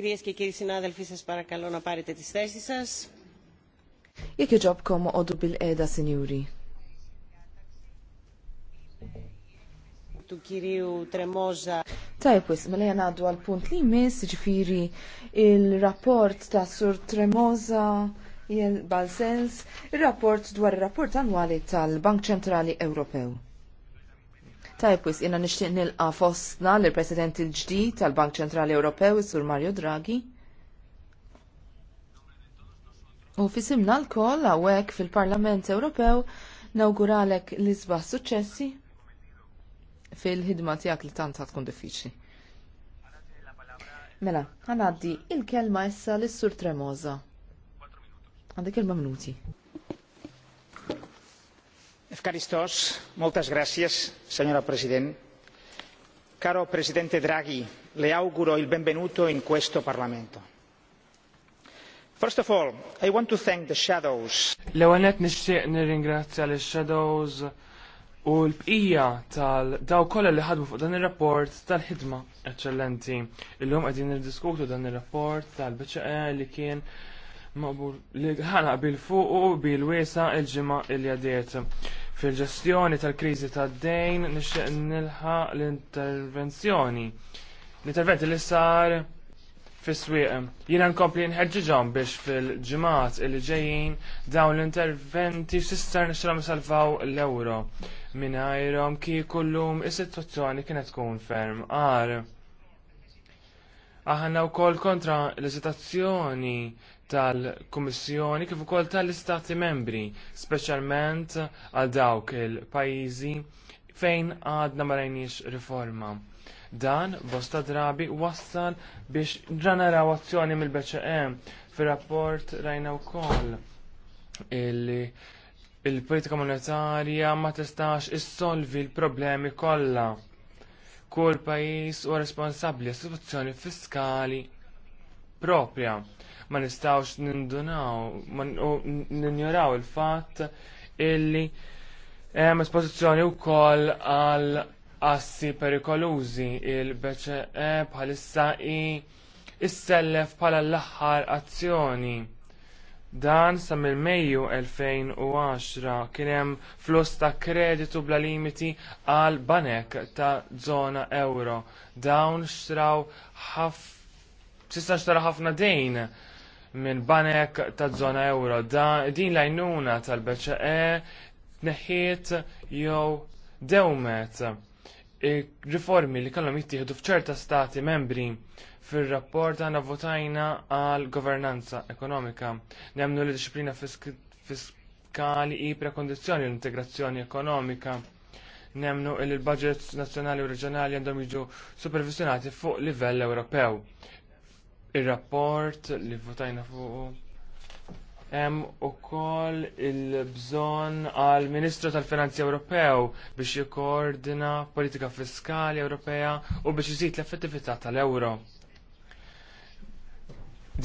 Κυρίες και κύριοι συνάδελφοι, σας παρακαλώ να πάρετε τις θέσεις σας. Jekk iġobkom għodu bil-qeda, sinjuri. Tu kiriju Tremoza. Tajb, wis, mela jena għaddu għal-punt li jmiss ġifiri il-rapport ta' Sur Tremosa jel Balsens, il-rapport dwar il-rapport annwali tal-Bank Ċentrali Ewropew wis jena nishtiq nilqa fostna l-President il-ġdid tal-Bank Ċentrali Ewropew, Sur Mario Draghi. U fisimna l-koll għawek fil-Parlament Ewropew nawguralek l isbaħ suċessi fil-ħidma tijak li tant tkun diffiċli. Mela, għanaddi il-kelma issa l-Sur Tremoza. Għandek il-mamnuti señora presidenta caro presidente draghi le auguro il benvenuto in questo parlamento. first of all i want to thank the shadows. l-ewwel nett nixtieq nirringrazzja lix shadows u l-bqija tal daw kollha li ħadmu fuq dan ir-rapport tal-ħidma eċċellenti. Illum qegħdin niddiskutu dan ir-rapport tal-BCE li kien mabur li ħana bil-fuq u bil-wesa il-ġimma il-jadiet. Fil-ġestjoni tal-krizi tad-dejn nixtieq nilħa l-intervenzjoni. L-interventi li sar fis-swieq. Jiena nkompli nħeġġiġhom biex fil-ġimgħat li ġejjin dawn l-interventi s'istar nixtieqhom salvaw l-ewro. Mingħajrhom kieku kullum is-sitwazzjoni kienet tkun ferm qar aħna u kol kontra l-esitazzjoni tal-Kummissjoni kif ukoll tal-Istati membri, speċjalment għal dawk il-pajjiżi fejn għadna ma rajniex riforma. Dan bosta drabi wassal biex ġanaraw azzjoni mill bcm e. fir-rapport rajna wkoll il-politika monetarja ma tistax issolvi l-problemi kollha. Kull pajjiż huwa responsabbli għas situazzjoni fiskali propja ma nistawx nindunaw, ninjoraw il-fat illi hemm espożizzjoni wkoll għal assi perikolużi il beċe bħalissa i s-sellef bħala l-aħħar azzjoni. Dan sa mill-Mejju 2010 kien hemm flus ta' kreditu bla limiti għal banek ta' żona euro. Dawn xtraw ħaf tista' xtara ħafna dejn minn banek ta' zona euro. Da, din lajnuna tal e neħiet jew dewmet riformi li kellhom jittieħdu f'ċerta stati membri fir-rapport għana votajna għal governanza ekonomika. Nemnu li disciplina fiskali i prekondizjoni l-integrazzjoni ekonomika. Nemnu li l-budgets nazzjonali u reġjonali għandhom jiġu supervisjonati fuq livell Ewropew ir-rapport li votajna fuq hemm ukoll il-bżonn għal Ministru tal-Finanzi Ewropew biex jikkoordina politika fiskali Ewropea u biex iżid l-effettività tal-euro.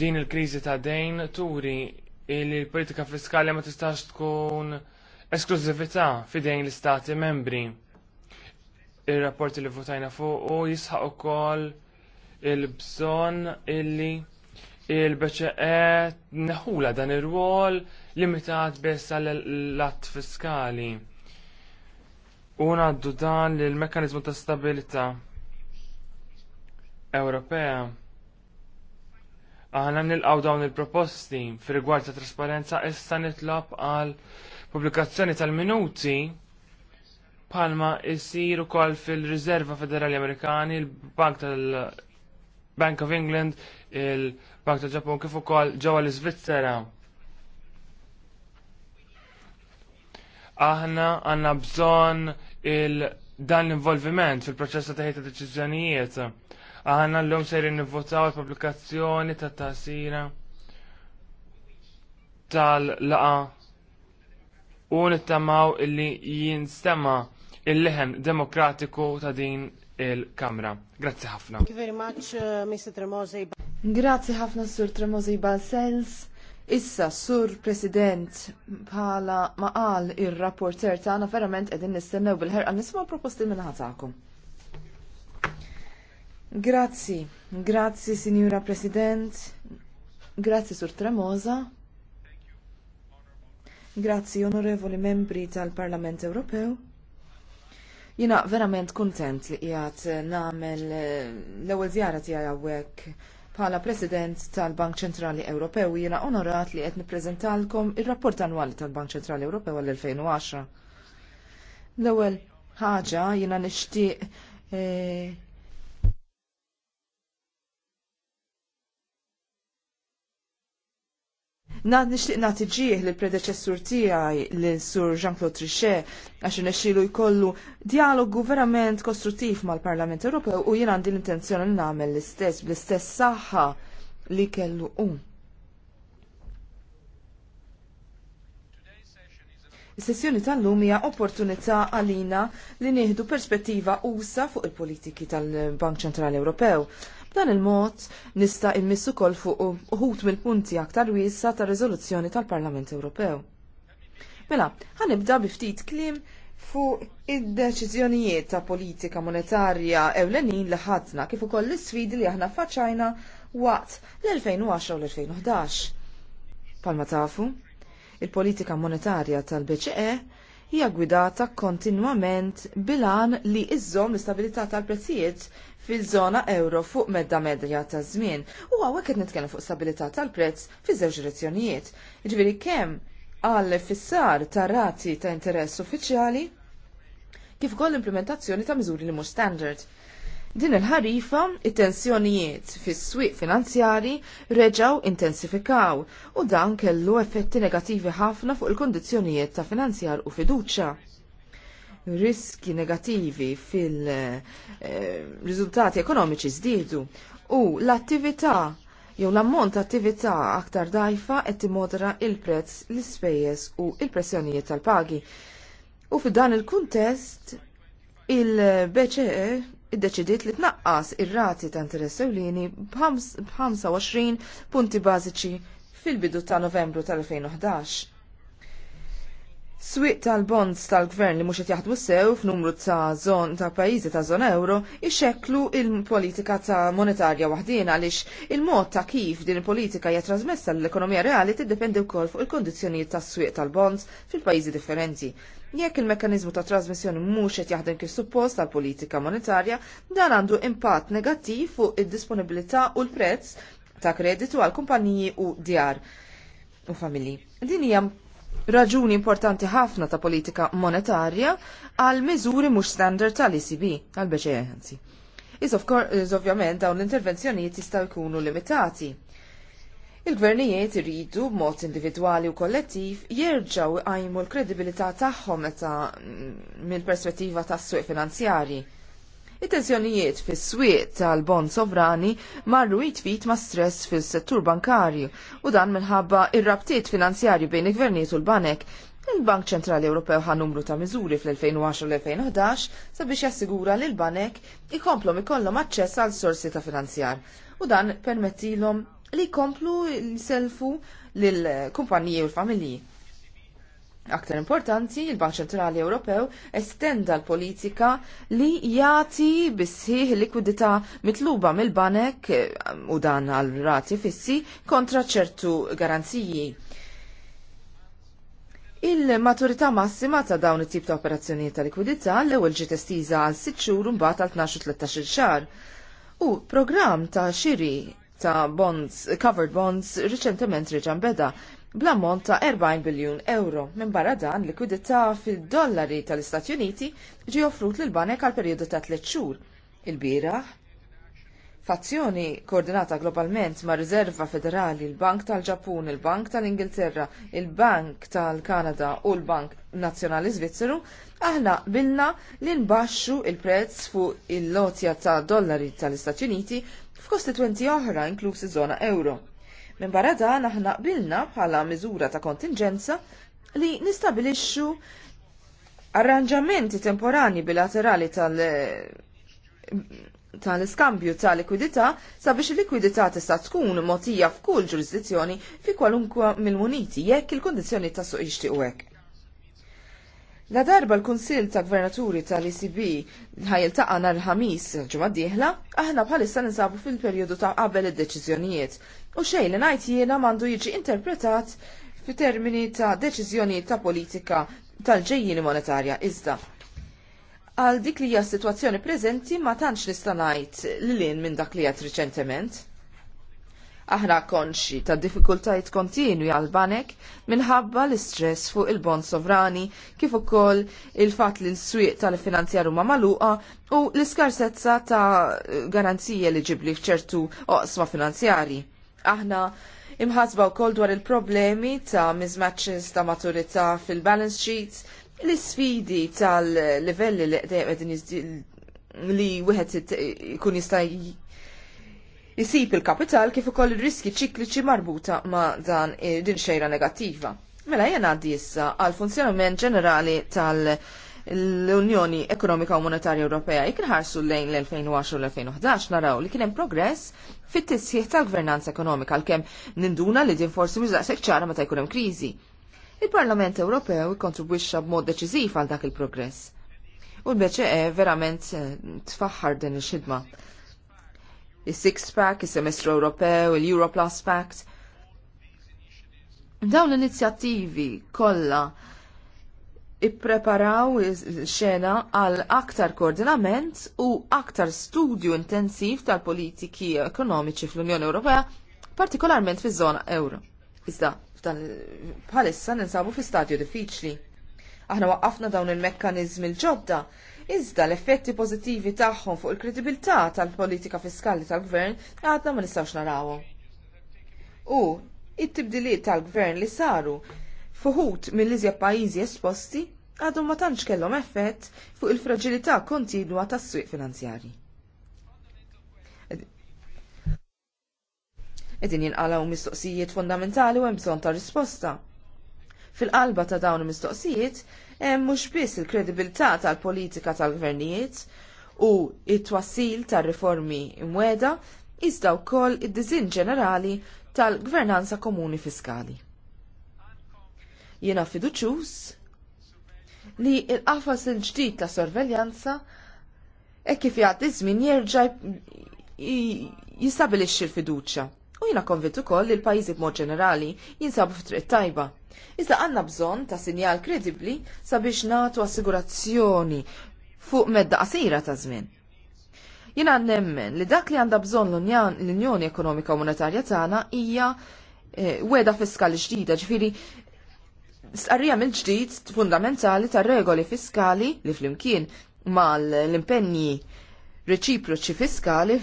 Din il-kriżi ta' dejn turi li l-politika fiskali ma tistax tkun esklużività fidejn l-istati membri. Ir-rapporti li votajna fuq u jisħaq ukoll il-bżon illi il-BCE neħula dan ir-rwol limitat biss għall-att fiskali. U għaddu dan l mekanizmu ta' stabilita Ewropea. Aħna għaw dawn il-proposti fir-rigward ta' trasparenza issa nitlob għal pubblikazzjoni tal-minuti palma isir ukoll fil-Riserva Federali Amerikani, il-Bank tal- Bank of England, il-Bank ta' Ġappun kif ukoll ġewwa l-Iżvizzera. Aħna għandna bżonn il dan l-involviment fil-proċess ta' ħejta deċiżjonijiet. Aħna l-lum jrin nivvotaw il-pubblikazzjoni ta' tasira tal-laqa u nittamaw illi jinstema il-leħen demokratiku ta' din il-Kamra. Grazzi ħafna. Thank you very much, uh, Mr. Tremosi. Grazzi ħafna, Sur Tremosi Balsens. Issa, Sur President, bħala maqal il-rapporter tagħna verament qegħdin nistennew bil għan nisma' proposti minn ħatakom. Grazzi, grazzi Signora President, grazzi Sur Tremosa, grazzi onorevoli membri tal-Parlament Ewropew. Jina verament kontent li qiegħed eh, nagħmel eh, l-ewwel żjara tiegħi għawek pala President tal-Bank Ċentrali Ewropew jiena onorat li qed nippreżentalkom ir-rapport annwali tal-Bank Ċentrali Ewropew għall-2010. L-ewwel ħaġa jiena nixtieq eh, Na nixtieq nagħti ġieħ li predeċessur tiegħi li sur Jean-Claude Trichet għax inexxielu jkollu dialogu verament kostruttiv mal-Parlament Ewropew u jien għandi l-intenzjoni li nagħmel l-istess bl-istess saħħa li kellu hu. Is-sessjoni tal-lum hija opportunità għalina li nieħdu perspettiva usa fuq il-politiki tal-Bank Ċentrali Ewropew. Dan il-mod nista' immissu kol fuq uħut mill-punti aktar wiesa ta' riżoluzzjoni tal-Parlament Ewropew. Mela, ħanibda biftit klim fuq id-deċiżjonijiet ta' politika monetarja ewlenin li ħadna kif ukoll l-isfidi li aħna faċċajna waqt l-2010 u l-2011. Palma tafu, il-politika monetarja tal-BCE hija gwidata kontinwament bilan li iżżomm l-istabilità tal-prezzijiet fil żona euro fuq medda medja ta' żmien u hawnhekk qed nitkellem fuq stabilità tal-prezz fiż-żewġ direzzjonijiet. Jiġifieri kemm għal fissar ta' rati ta' interess uffiċjali kif ukoll implementazzjoni ta' miżuri li mhux standard. Din il-ħarifa, it-tensjonijiet fis-swieq finanzjari reġaw intensifikaw u dan kellu effetti negattivi ħafna fuq il-kondizzjonijiet ta' finanzjar u fiduċja riski negativi fil-riżultati eh, ekonomiċi żdiedu u l-attività jew l-ammont ta' attività aktar dajfa qed timodra il-prezz l-ispejjeż u l pressjonijiet tal-pagi. U f'dan il-kuntest il-BCE iddeċidiet li tnaqqas ir-rati ta' interess ewlieni b'25 punti bażiċi fil-bidu ta' Novembru tal-2011. Swieq tal-bonds tal-gvern li mhux qed jaħdmu sew f'numru ta' zon ta' pajjiżi ta' zon euro ixxekklu il-politika ta' monetarja waħdin għaliex il-mod ta' kif din il-politika hija trasmessa l-ekonomija reali tiddependi wkoll fuq il-kondizzjonijiet tas-swieq tal-bonds fil-pajjiżi differenti. Jekk il-mekkaniżmu ta' trasmissjoni mhux qed jaħdem kif suppost tal-politika monetarja, dan għandu impatt negattiv fuq id-disponibilità u l-prezz ta' kreditu għal kumpaniji u djar u familji. Din hija raġuni importanti ħafna ta' politika monetarja għal miżuri mhux standard tal-ECB, għal bce anzi. Iż ovvjament dawn l-intervenzjonijiet jistgħu jkunu limitati. Il-gvernijiet iridu b'mod individwali u kollettiv jerġgħu jqajmu l-kredibilità tagħhom meta mm, mill-perspettiva tas-suq finanzjarji it-tensjonijiet fis swieq tal-bond sovrani marru jitfit ma' stress fil-settur bankarju u dan minħabba ir-rabtiet finanzjarju bejn il-gvernijiet u l-banek Il-Bank Ċentrali Ewropew ħa numru ta' miżuri fl-2010 l-2011 sabiex jassigura li l-banek ikomplom ikollhom aċċess għal sorsi ta' finanzjar u dan permettilhom li jkomplu jselfu lill kumpaniji u l-familji. Aktar importanti, il-Bank Ċentrali Ewropew estenda l-politika li jati bisħiħ likwidità mitluba mill-banek eh, u dan għal rati fissi kontra ċertu garanziji. Il-maturità massima ta' dawn it-tip ta' operazzjonijiet ta' likwidità l-ewwel ġiet estiża għal 6 xhur mbagħad għal 12-13 xahar. U programm ta' xiri ta' bonds, covered bonds, riċentement reġan beda bl-ammont ta' 40 biljun euro. Minn barra dan likwidità fil-dollari tal-Istati Uniti ġi offrut lil banek għal perjodu ta' tliet xhur. il Fazzjoni koordinata globalment ma' Riserva Federali, il-Bank tal-Ġappun, il-Bank tal-Ingilterra, il-Bank tal-Kanada u l-Bank Nazzjonali Svizzeru, aħna bilna li nbaxxu il-prezz fuq il-lotja ta' dollari tal-Istati Uniti f'kostituenti oħra inklusi żona euro Min barra dan aħna qbilna bħala miżura ta' kontingenza li nistabilixxu arranġamenti temporani bilaterali tal- tal-iskambju ta' likwidità sabiex il-likwidità tista' tkun mogħtija f'kull ġurisdizzjoni fi kwalunkwe mill-muniti jekk il-kondizzjoni ta' suq jixtiequ hekk. La darba l-Kunsill ta' Gvernaturi tal-ECB ħajiltaqa' taqa il ħamis ġimgħa d-dieħla, aħna bħalissa ninsabu fil-perjodu ta' qabel id-deċiżjonijiet U xej li ngħid jiena m'għandu jiġi interpretat fi termini ta' deċiżjoni ta' politika tal-ġejjini monetarja iżda. Għal dik li hija s-sitwazzjoni preżenti ma tantx nista' ngħid lilin minn dak li qed riċentement. Aħna konxi ta' diffikultajiet kontinwi għal banek minħabba l-istress fuq il-bond sovrani kif ukoll il-fatt li l-swieq tal-finanzjar huma magħluqa u l-iskarsezza ta' garanzija li ġibli f'ċertu oqsma finanzjari aħna imħasba wkoll dwar il-problemi ta' mismatches ta' maturità fil-balance sheets, l-isfidi tal-livelli li qegħdin li wieħed ikun jista' jisib il-kapital kif ukoll ir-riski ċikliċi marbuta ma' dan din xejra negattiva. Mela jena għaddi issa għal funzjonament ġenerali tal- l-Unjoni Ekonomika u Monetarja Ewropea jekk ħarsu lejn l-2010 u l-2011 naraw li kien hemm progress fit-tisjieħ tal-gvernanza ekonomika għalkemm ninduna li din forsi mhux daqshekk ċara meta jkun hemm kriżi. Il-Parlament Ewropew ikkontribwixxa b'mod deċiżiv għal dak il-progress. U l-BCE verament eh, tfaħħar din il-xidma. Il-Six Pack, il-Semestru Ewropew, il-Euro Plus Pact. Dawn l-inizjattivi kollha ippreparaw xena għal aktar koordinament u aktar studju intensiv tal-politiki ekonomiċi fl-Unjoni Ewropea, partikolarment fi żona euro. Iżda, bħalissa ninsabu fi stadju diffiċli. Aħna waqqafna dawn il-mekkanizmi l-ġodda, iżda l-effetti pożittivi tagħhom fuq il-kredibilità tal-politika fiskali tal-gvern għadna ma nistgħux narawhom. U it-tibdiliet tal-gvern li saru fuħut mill-iżjed pajjiżi esposti għadhom ma tantx kellhom effett fuq il-fragilità kontinwa tas-swieq finanzjari. Edin jinqalaw mistoqsijiet fundamentali u hemm bżonn ta' risposta. Fil-qalba ta' dawn il-mistoqsijiet hemm mhux biss il-kredibilità tal-politika tal-gvernijiet u it-twassil tar-riformi imweda iżda wkoll id-diżin ġenerali tal-gvernanza komuni fiskali. Jiena fiduċus li l qafas il-ġdid ta' sorveljanza e kif jgħaddi żmien jerġa' jistabilixxi l-fiduċja. U jiena konvint ukoll li l-pajjiżi b'mod ġenerali jinsabu f'triq tajba. Iżda għandna bżonn ta' sinjal kredibbli sabiex nagħtu assigurazzjoni fuq medda qasira ta' żmien. Jien nemmen li dak li għandha bżonn l-Unjoni Ekonomika Monetarja tagħna hija eh, weda fiskali ġdida, ġifiri Stqarrija mill-ġdid fundamentali tar regoli fiskali li flimkien mal-impenji reċiproċi fiskali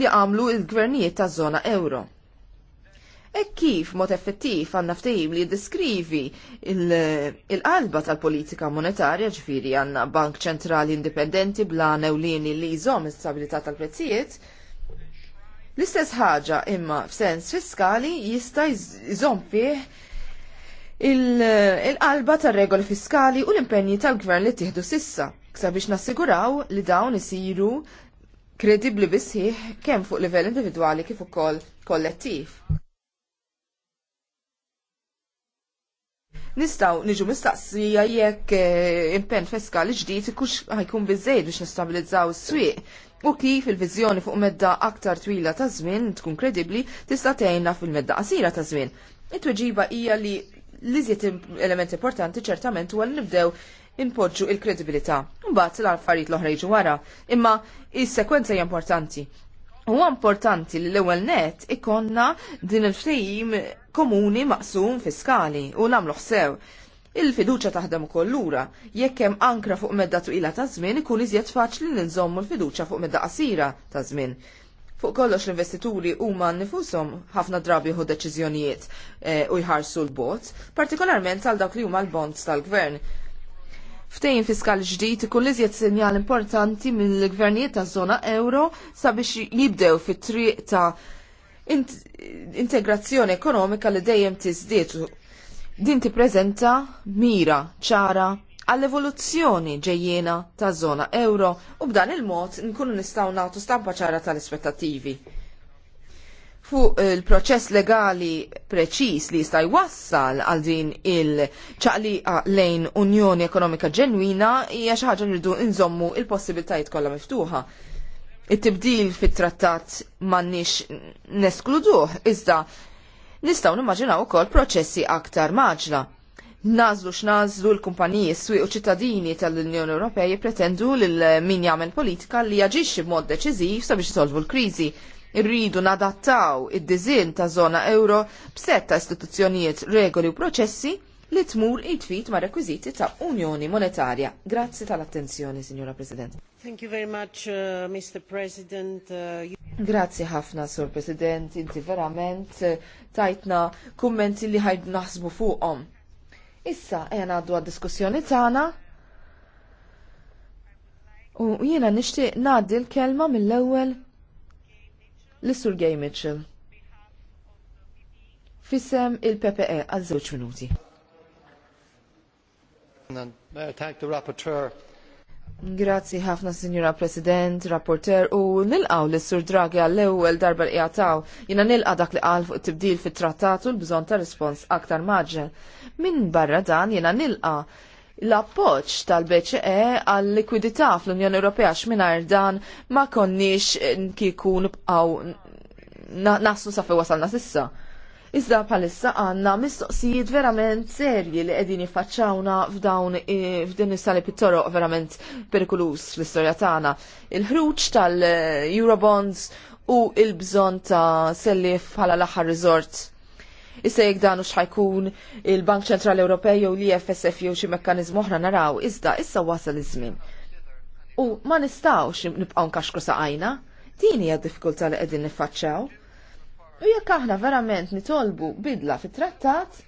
li għamlu il-gvernijiet ta' zona euro. E kif mod effettiv għanna ftejim li deskrivi il-qalba il tal-politika monetarja ġifiri għanna bank ċentrali indipendenti bla ewlieni li jżom stabilità tal-prezzijiet, l-istess ħaġa imma f'sens fiskali jista' jżom fih il-qalba tar-regoli fiskali u l-impenji tal-gvern li tieħdu sissa, sabiex nassiguraw li dawn isiru kredibbli bisħiħ kemm fuq livell individwali kif ukoll kollettiv. Nistaw niġu mistaqsija jekk eh, impenn fiskali ġdid ikux ħajkun biżejjed biex nistabilizzaw is-swieq u kif il-viżjoni fuq medda aktar twila ta' żmien tkun kredibbli tista' tgħinna fil-medda qasira ta' żmien. It-tweġiba hija li l element importanti ċertament huwa nibdew inpoġġu il-kredibilità. Mbagħad l-affarijiet l-oħra jiġu wara, imma is-sekwenza hija importanti. Huwa importanti li l-ewwel net ikonna din il-ftehim komuni maqsum fiskali u nagħmlu sew il-fiduċa taħdem kollura, jekk hemm ankra fuq medda twila ta' żmien ikun iżjed faċli li nżommu l-fiduċa fuq medda qasira ta' żmien. Fuq kollox l-investituri huma nifusom ħafna drabi hu deċiżjonijiet eh, u jħarsu l-bot, partikolarment għal dawk li huma l-bonds tal-gvern. Ftejn fiskal ġdid ikun liżjed sinjal importanti mill-gvernijiet taż-żona euro sabiex jibdew fit-triq ta' integrazzjoni ekonomika li dejjem tiżdiet din tippreżenta mira ċara għall-evoluzzjoni ġejjena ta' zona euro u b'dan il-mod nkunu nistgħu nagħtu stampa ċara tal-ispettattivi. Fuq eh, il-proċess legali preċis li jista' jwassal għal din il-ċaqliqa lejn Unjoni Ekonomika Ġenwina hija xi ħaġa nridu nżommu l possibilitajiet kollha miftuħa it-tibdil fit-trattat m'għandniex neskluduh, iżda nistgħu nimmaġinaw ukoll proċessi aktar maġla nażlu x'nażlu l-kumpaniji s-swieq u ċittadini tal-Unjoni Ewropea jippretendu lil min jagħmel politika li jaġixxi b'mod deċiżiv sabiex isolvu l-kriżi. Irridu nadattaw id-diżin ta' żona euro b'setta istituzzjonijiet regoli u proċessi li tmur id-fit ma' rekwiżiti ta' Unjoni Monetarja. Grazzi tal-attenzjoni, Signora President. Thank you very much, uh, Mr. President. Uh, you... Grazzi ħafna, Sur President, inti verament uh, tajtna kummenti li ħajdu naħsbu fuqhom Issa għena għaddu għad-diskussjoni tagħna. U jiena nixtieq ngħaddi l-kelma mill-ewwel l-Sur Gay Mitchell. Fisem il-PPE għal żewġ minuti. Thank the rapporteur Grazzi ħafna Sinjura President, Rapporter u nilqaw li Sur Draghi għall-ewwel darba li jgħataw jina nilqa dak li qal fuq tibdil fit-trattat u l-bżonn ta' rispons aktar maġġel. Min barra dan jina nilqa l-appoġġ tal-BCE għal likwidità fl-Unjoni Ewropea x'mingħajr dan ma konniex kikun nibqgħu naslu sa fejn wasalna sissa. Iżda bħalissa għandna mistoqsijiet verament serji li qegħdin jiffaċċawna f'dawn f'din is-sali pittoro verament perikulus fl-istorja tagħna. Il-ħruġ tal-Eurobonds u il-bżonn ta' sellif bħala l-aħħar riżort Issa jek danu xħajkun il-Bank Ċentrali Ewropej jew l-IFSF jew xi mekkaniżmu oħra naraw, iżda issa wasal iż-żmien. U ma nistgħux nibqgħu nkaxkru saqajna. Din hija d-diffikultà li qegħdin niffaċċaw. U jekk aħna verament nitolbu bidla fit-trattat,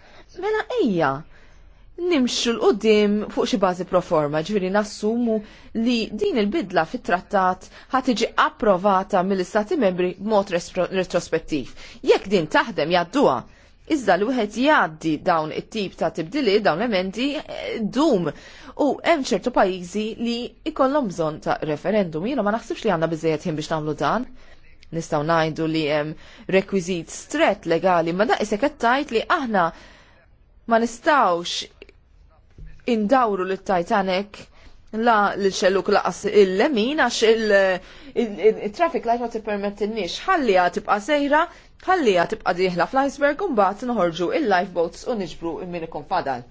mela ejja nimxu l-qoddim fuq xi bażi proforma, ġifieri nassumu li din il-bidla fit-trattat ħad tiġi approvata mill-Istati Membri b'mod retrospettiv. Jekk din taħdem jadduha, iżda l wieħed jgħaddi dawn it-tip ta' tibdili, dawn l-emendi, eh, dum. U hemm ċertu pajjiżi li ikollhom bżonn ta' referendum, jiena ma naħsibx li għandna biżejjed ħin biex nagħmlu dan. Nistaw najdu li hemm rekwizit stret legali, ma da isek tajt li aħna ma nistawx indawru l titanic la l-xelluk laqas il-lemin għax il-traffic light ma t-permettinix. ħallija tibqa sejra, ħallija tibqa diħla fl-iceberg un bat nħorġu il-lifeboats u nġbru il-minikum fadal.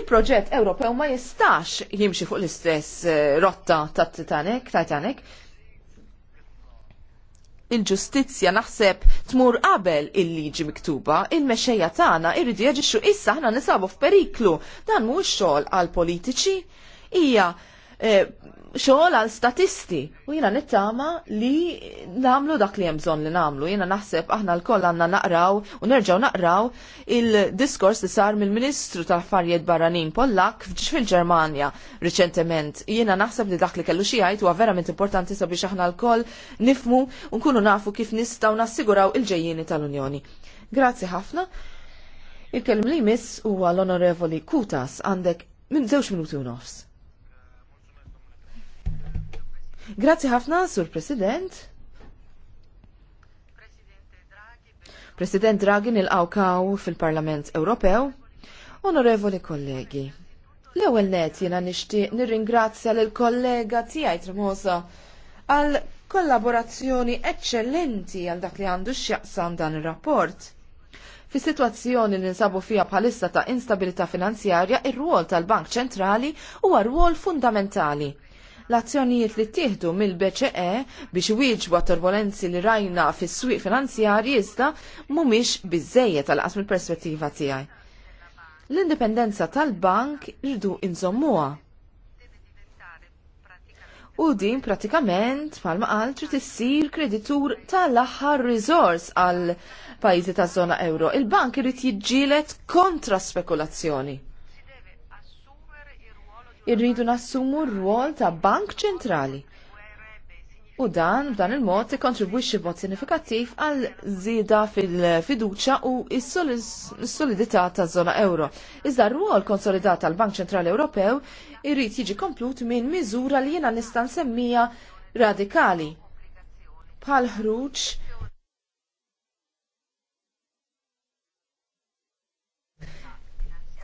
Il-proġett Ewropew ma jistax jimxi fuq l-istess eh, rotta ta' Titanic, Titanic, il-ġustizzja naħseb tmur qabel il-liġi miktuba, il-mexxejja tagħna irridu jaġixxu issa aħna nisabu f'periklu. Dan mhuwiex xogħol għal politiċi, hija eh, xogħol għal statisti. U jiena nittama li nagħmlu dak li hemm bżonn li nagħmlu. Jiena naħseb aħna lkoll għandna naqraw u nerġgħu naqraw il-diskors li sar mill-Ministru tal-Affarijiet Barranin Pollak fil-Ġermanja riċentement. Jiena naħseb li dak li kellu xi jgħid huwa verament importanti sabiex aħna lkoll nifmu u nkunu nafu kif nistgħu nassiguraw il ġejjini tal-Unjoni. Grazzi ħafna. Il-kelm li jmiss huwa l-Onorevoli Kutas għandek minn żewġ minuti u nofs. Grazzi ħafna, Sur President. President Draghi nil-għawkaw fil-Parlament Ewropew. Onorevoli kollegi, l-ewel net jena nir nirringrazzja l-kollega tijaj Tremosa għal kollaborazzjoni eccellenti għal dak li għandu xjaqsan dan il-rapport. Fi situazzjoni li nsabu fija bħalissa ta' instabilità finanzjarja, ir ruol tal-Bank Ċentrali huwa rwol fundamentali l-azzjonijiet li ttieħdu mill-BCE biex iwieġbu turbulenzi li rajna fis-swieq finanzjarji iżda mhumiex biżejjed tal-qas mill-perspettiva tiegħi. L-indipendenza tal-bank irdu inżommuha. U din pratikament palma altri tissir kreditur tal-aħħar riżors għal pajjiżi taż-żona euro. Il-bank irid jiġġielet kontra spekulazzjoni irridu nassumu r-rwol ta' bank ċentrali. U dan b'dan il-mod ikkontribwixxi b'mod sinifikattiv għal żieda fil-fiduċja u s-solidità taż-żona euro. Iżda r-rwol konsolidat tal-Bank Ċentrali Ewropew irrid jiġi komplut minn miżura li jiena nista' nsemmija radikali Pal ħruċ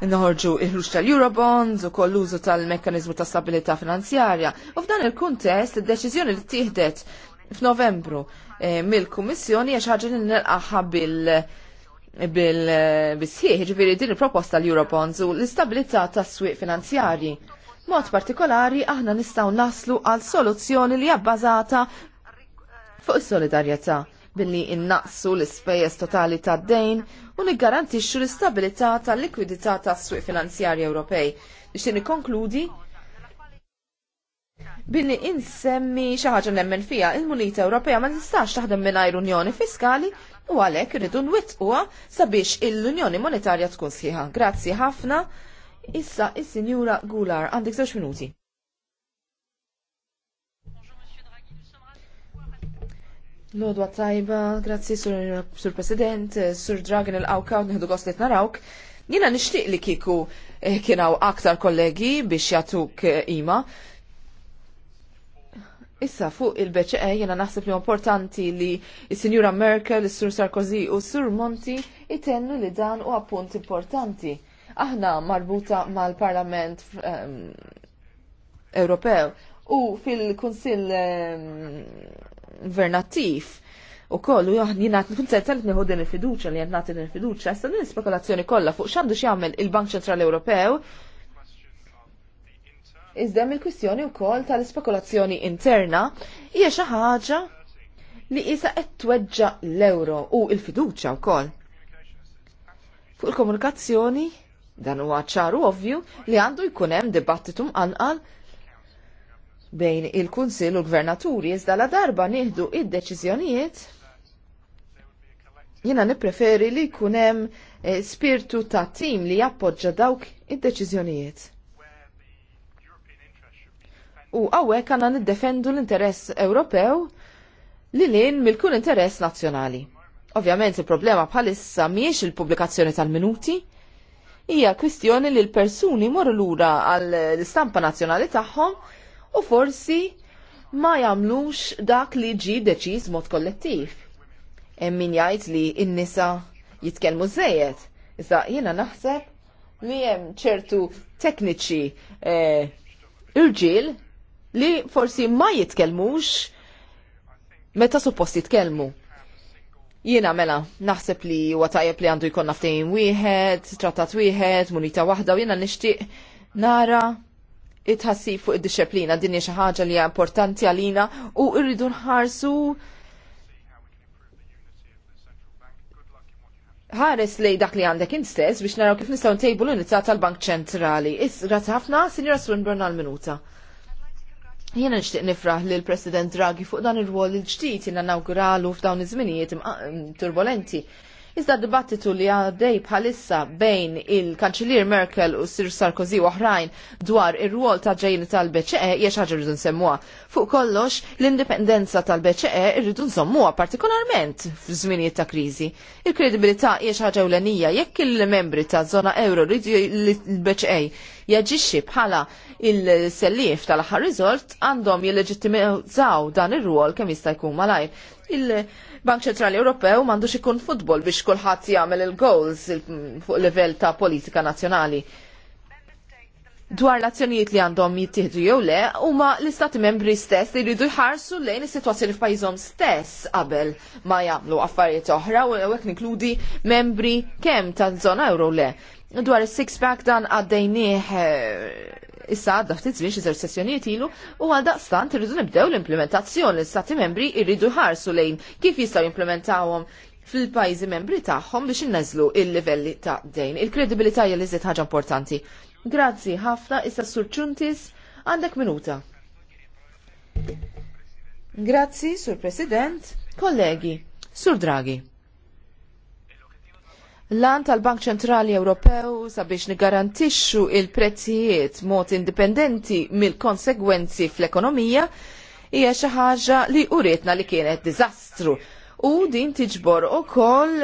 Nħorġu il-ħruġ tal-Eurobonds u koll użu tal-mekkanizmu ta' stabilità finanzjarja. U f'dan il-kuntest, id-deċiżjoni li tieħdet f'Novembru eh, mill-Kummissjoni għax ħaġa li nilqaħħa bil- bil-bisħieħ, ġifiri din il-proposta l-Eurobonds u l-istabilità tas-swieq finanzjarji. Mod partikolari aħna nistaw naslu għal soluzzjoni li bbażata fuq is-solidarjetà billi innaqsu l-ispejjeż totali tad-dejn u niggarantixxu l-istabilità tal-likwidità tas-suq finanzjarji Ewropej. Nixtieq nikkonkludi billi insemmi xi ħaġa nemmen fija il-Munita Ewropea ma tistax taħdem mingħajr Unjoni Fiskali u għalhekk irridu nwittquha sabiex l-Unjoni Monetarja tkun sħiħa. Grazzi ħafna. Issa is-Sinjura Gular għandek żewġ minuti. Lodwa tajba, grazzi sur, President, sur Dragon il awkaw nħedu għoslet narawk. Jina nishtiq li kiku eh, kienaw aktar kollegi biex jatuk eh, ima. Issa fuq il-BCE jena naħseb li importanti li il-Sinjura Merkel, il-Sur Sarkozy u Sur Monti itennu li dan u appunt importanti. Aħna marbuta mal-Parlament ehm, Ewropew u fil-Kunsill ehm, gvernattiv u kollu jina kunzet tal neħu din il-fiduċa li jgħat din il-fiduċa, sta din spekulazzjoni kollha fuq xandu x'jagħmel il-Bank Ċentrali Ewropew. Iżda il-kwistjoni wkoll tal-spekulazzjoni interna hija xi ħaġa li jisa qed tweġġa l-euro u il-fiduċa wkoll. Fuq il-komunikazzjoni dan huwa ċaru ovvju li għandu jkun hemm dibattitu mqanqal bejn il-Kunsil u l-Gvernaturi iżda la darba nieħdu id-deċiżjonijiet jiena nippreferi li jkun hemm eh, spirtu ta' tim li jappoġġa dawk id-deċiżjonijiet. U hawnhekk għandna niddefendu l-interess Ewropew li lin mill-kun interess nazzjonali. Ovvjament il-problema bħalissa miex il-pubblikazzjoni tal-minuti, hija kwistjoni li l-persuni morru lura għall-istampa nazzjonali tagħhom u forsi ma jagħmlux dak li ġi deċiż mod kollettiv. Hemm min jgħid li n-nisa jitkellmu żejjed, iżda jiena naħseb li hemm ċertu tekniċi eh, irġiel li forsi ma jitkellmux meta suppost jitkellmu. Jiena mela, naħseb li huwa tajjeb li għandu jkollna ftehim wieħed, trattat wieħed, munita waħda u jiena nixtieq nara itħassib fuq id-disciplina din xi ħaġa li hija importanti għalina u rridu nħarsu ħares lej dak li għandek instess biex naraw kif nistgħu ntejbu l-unità tal-Bank Ċentrali. Grazzi ħafna, Sinjora Swinburne għal minuta. Jiena nixtieq nifraħ li l-President Draghi fuq dan ir-rwol il-ġdid jiena nawguralu f'dawn iż-żminijiet turbolenti. Iżda dibattitu li għaddej bħalissa bejn il kanċilier Merkel u Sir Sarkozy u oħrajn dwar ir-rwol ta' ġejni tal-BCE jiex ħaġa rridu nsemmuha. Fuq kollox, l-indipendenza tal-BCE rridu nsemmuha partikolarment f'żminijiet ta' kriżi. Il-kredibilità jiex ħaġa ewlenija jekk il-membri ta' zona euro rridu l-BCE jaġixxi bħala il-sellif tal-aħħar riżolt għandhom jilleġittimizzaw dan ir-rwol kemm jista' jkun malajr. Bank Ċentrali Ewropew m'għandux ikun futbol biex kulħadd jagħmel il-goals fuq livell ta' politika nazzjonali. Dwar l-azzjonijiet li għandhom jittieħdu jew le, huma l-istati membri stess li jridu jħarsu lejn is-sitwazzjoni f'pajjiżhom stess qabel ma jagħmlu affarijiet oħra u hekk ninkludi membri kemm tal-żona euro le. Dwar is-six pack dan għaddejnieh eh, issa għadda ftit żmien xi sessjonijiet ilu u għal daqstant irridu nibdew l-implementazzjoni li Stati membri jridu ħarsu lejn kif jistgħu jimplementawhom fil-pajjiżi membri tagħhom biex inneżlu il-livelli ta' dejn. Il-kredibilità hija li ħaġa importanti. Grazzi ħafna issa Sur għandek minuta. Grazzi, Sur President, kollegi, Sur Draghi l L-għan tal-Bank Ċentrali Ewropew sabiex nigarantixxu il-prezzijiet mod indipendenti mill-konsegwenzi fl-ekonomija hija xi ħaġa li uritna li kienet diżastru. U din tiġbor ukoll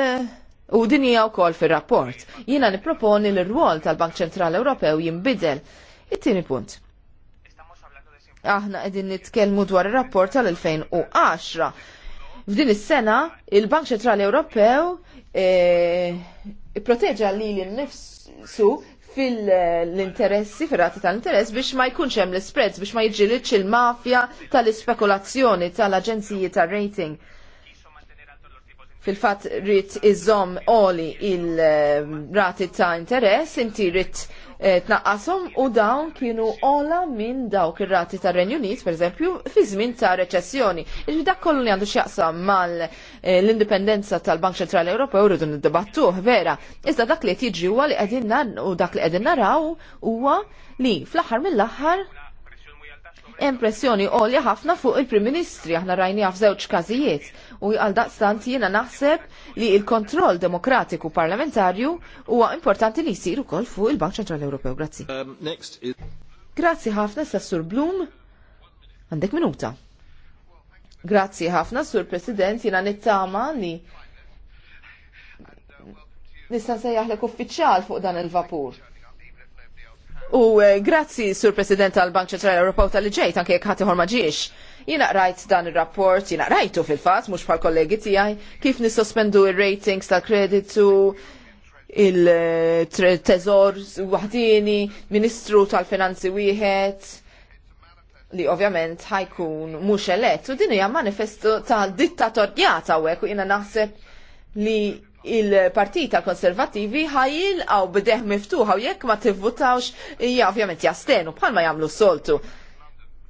u din hija wkoll fir-rapport. Jiena nipproponi r rwol tal-Bank Ċentrali Ewropew jinbidel. It-tieni punt. Aħna qegħdin nitkellmu dwar ir-rapport tal-2010 F'din is-sena il-Bank Ċentrali Ewropew e, ipproteġa li l-nifsu fil-interessi, fil-rati tal-interess biex ma jkunx hemm l-spreads, biex ma jiġġilitx il-mafja tal-ispekulazzjoni tal-aġenziji tal-rating. Fil-fat rrit iżom oli il-rati ta' interess, inti rrit Eh, tnaqqashom u dawn kienu ola minn dawk ir-rati tar-Renju Unit, pereżempju, fi żmien ta' reċessjoni. Iġbi dak kollu li għandu x'jaqsam mal-indipendenza eh, tal-Bank Ċentrali Ewropew rridu niddibattuh vera. Iżda dak li qed jiġi huwa li qegħdin u dak li qegħdin naraw huwa li fl-aħħar mill-aħħar impressjoni għolja ħafna fuq il-Prim Ministri aħna rajni għaf żewġ każijiet u għal daqstant jiena naħseb li il-kontroll demokratiku parlamentarju huwa importanti li jsir ukoll fuq il-Bank Ċentrali Ewropew. Grazzi. Um, grazzi ħafna Sassur Blum. Għandek minuta. Grazzi ħafna Sur President jiena nittama li nista' sejjaħlek uffiċjal fuq dan il-vapur. U eh, grazzi Sur President tal-Bank Ċentrali Ewropew tal-ġejt anke jekk ħati ħorma Jina rajt dan il-rapport, jina rajtu fil-fat, mux pal kollegi tijaj, kif nisospendu il-ratings tal-kreditu, il-teżor wahdini, ministru tal-finanzi wieħed li ovvjament ħajkun mhux elett u din hija manifestu tal-dittatorjata hekk u jiena naħseb li il-partita konservativi ħajil għaw bideħ miftuħa u jekk ma tivvutawx hija ovvjament jastenu bħalma jagħmlu soltu.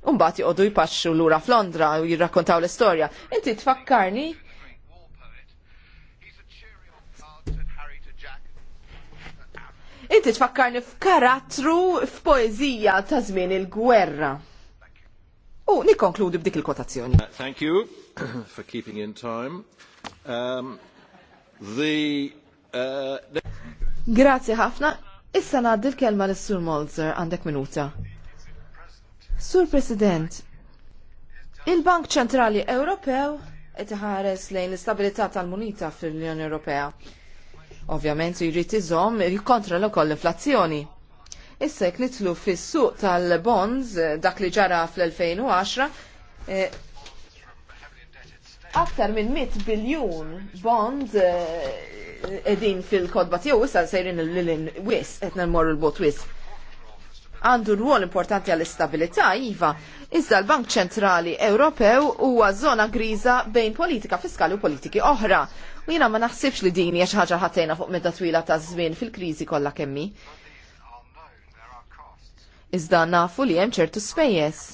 Umbat joqdu jipaxxu lura f'Londra u jirrakkontaw l-istorja. Inti tfakkarni Inti tfakkarni f'karattru f'poezija ta' żmien il-gwerra. U nikkonkludi b'dik il-kotazzjoni. Uh, thank you for keeping in time. Um, the, uh, Grazie ħafna. Issa ngħaddi l-kelma lis sur Molzer għandek minuta. Sur President, il-Bank Ċentrali Ewropew qed iħares lejn l-istabilità tal-munita fil-Unjoni Ewropea. Ovvjament jrid iżomm jikkontra l ukoll l-inflazzjoni. Issa jekk nitlu fis-suq tal-bonds eh, dak li ġara fl-2010 eh, aktar minn 100 biljun bond eh, edin fil-kodba tiegħu issa sejrin l-lin wis qed nmorru l-bot wis għandu rwol importanti għall-istabilità, iva, iżda l-Bank Ċentrali Ewropew huwa żona griża bejn politika fiskali u politiki oħra. U jiena ma naħsibx li din hija xi ħaġa ħatejna fuq medda twila ta' żmien fil-kriżi kollha kemmi. Iżda nafu li hemm ċertu spejjeż.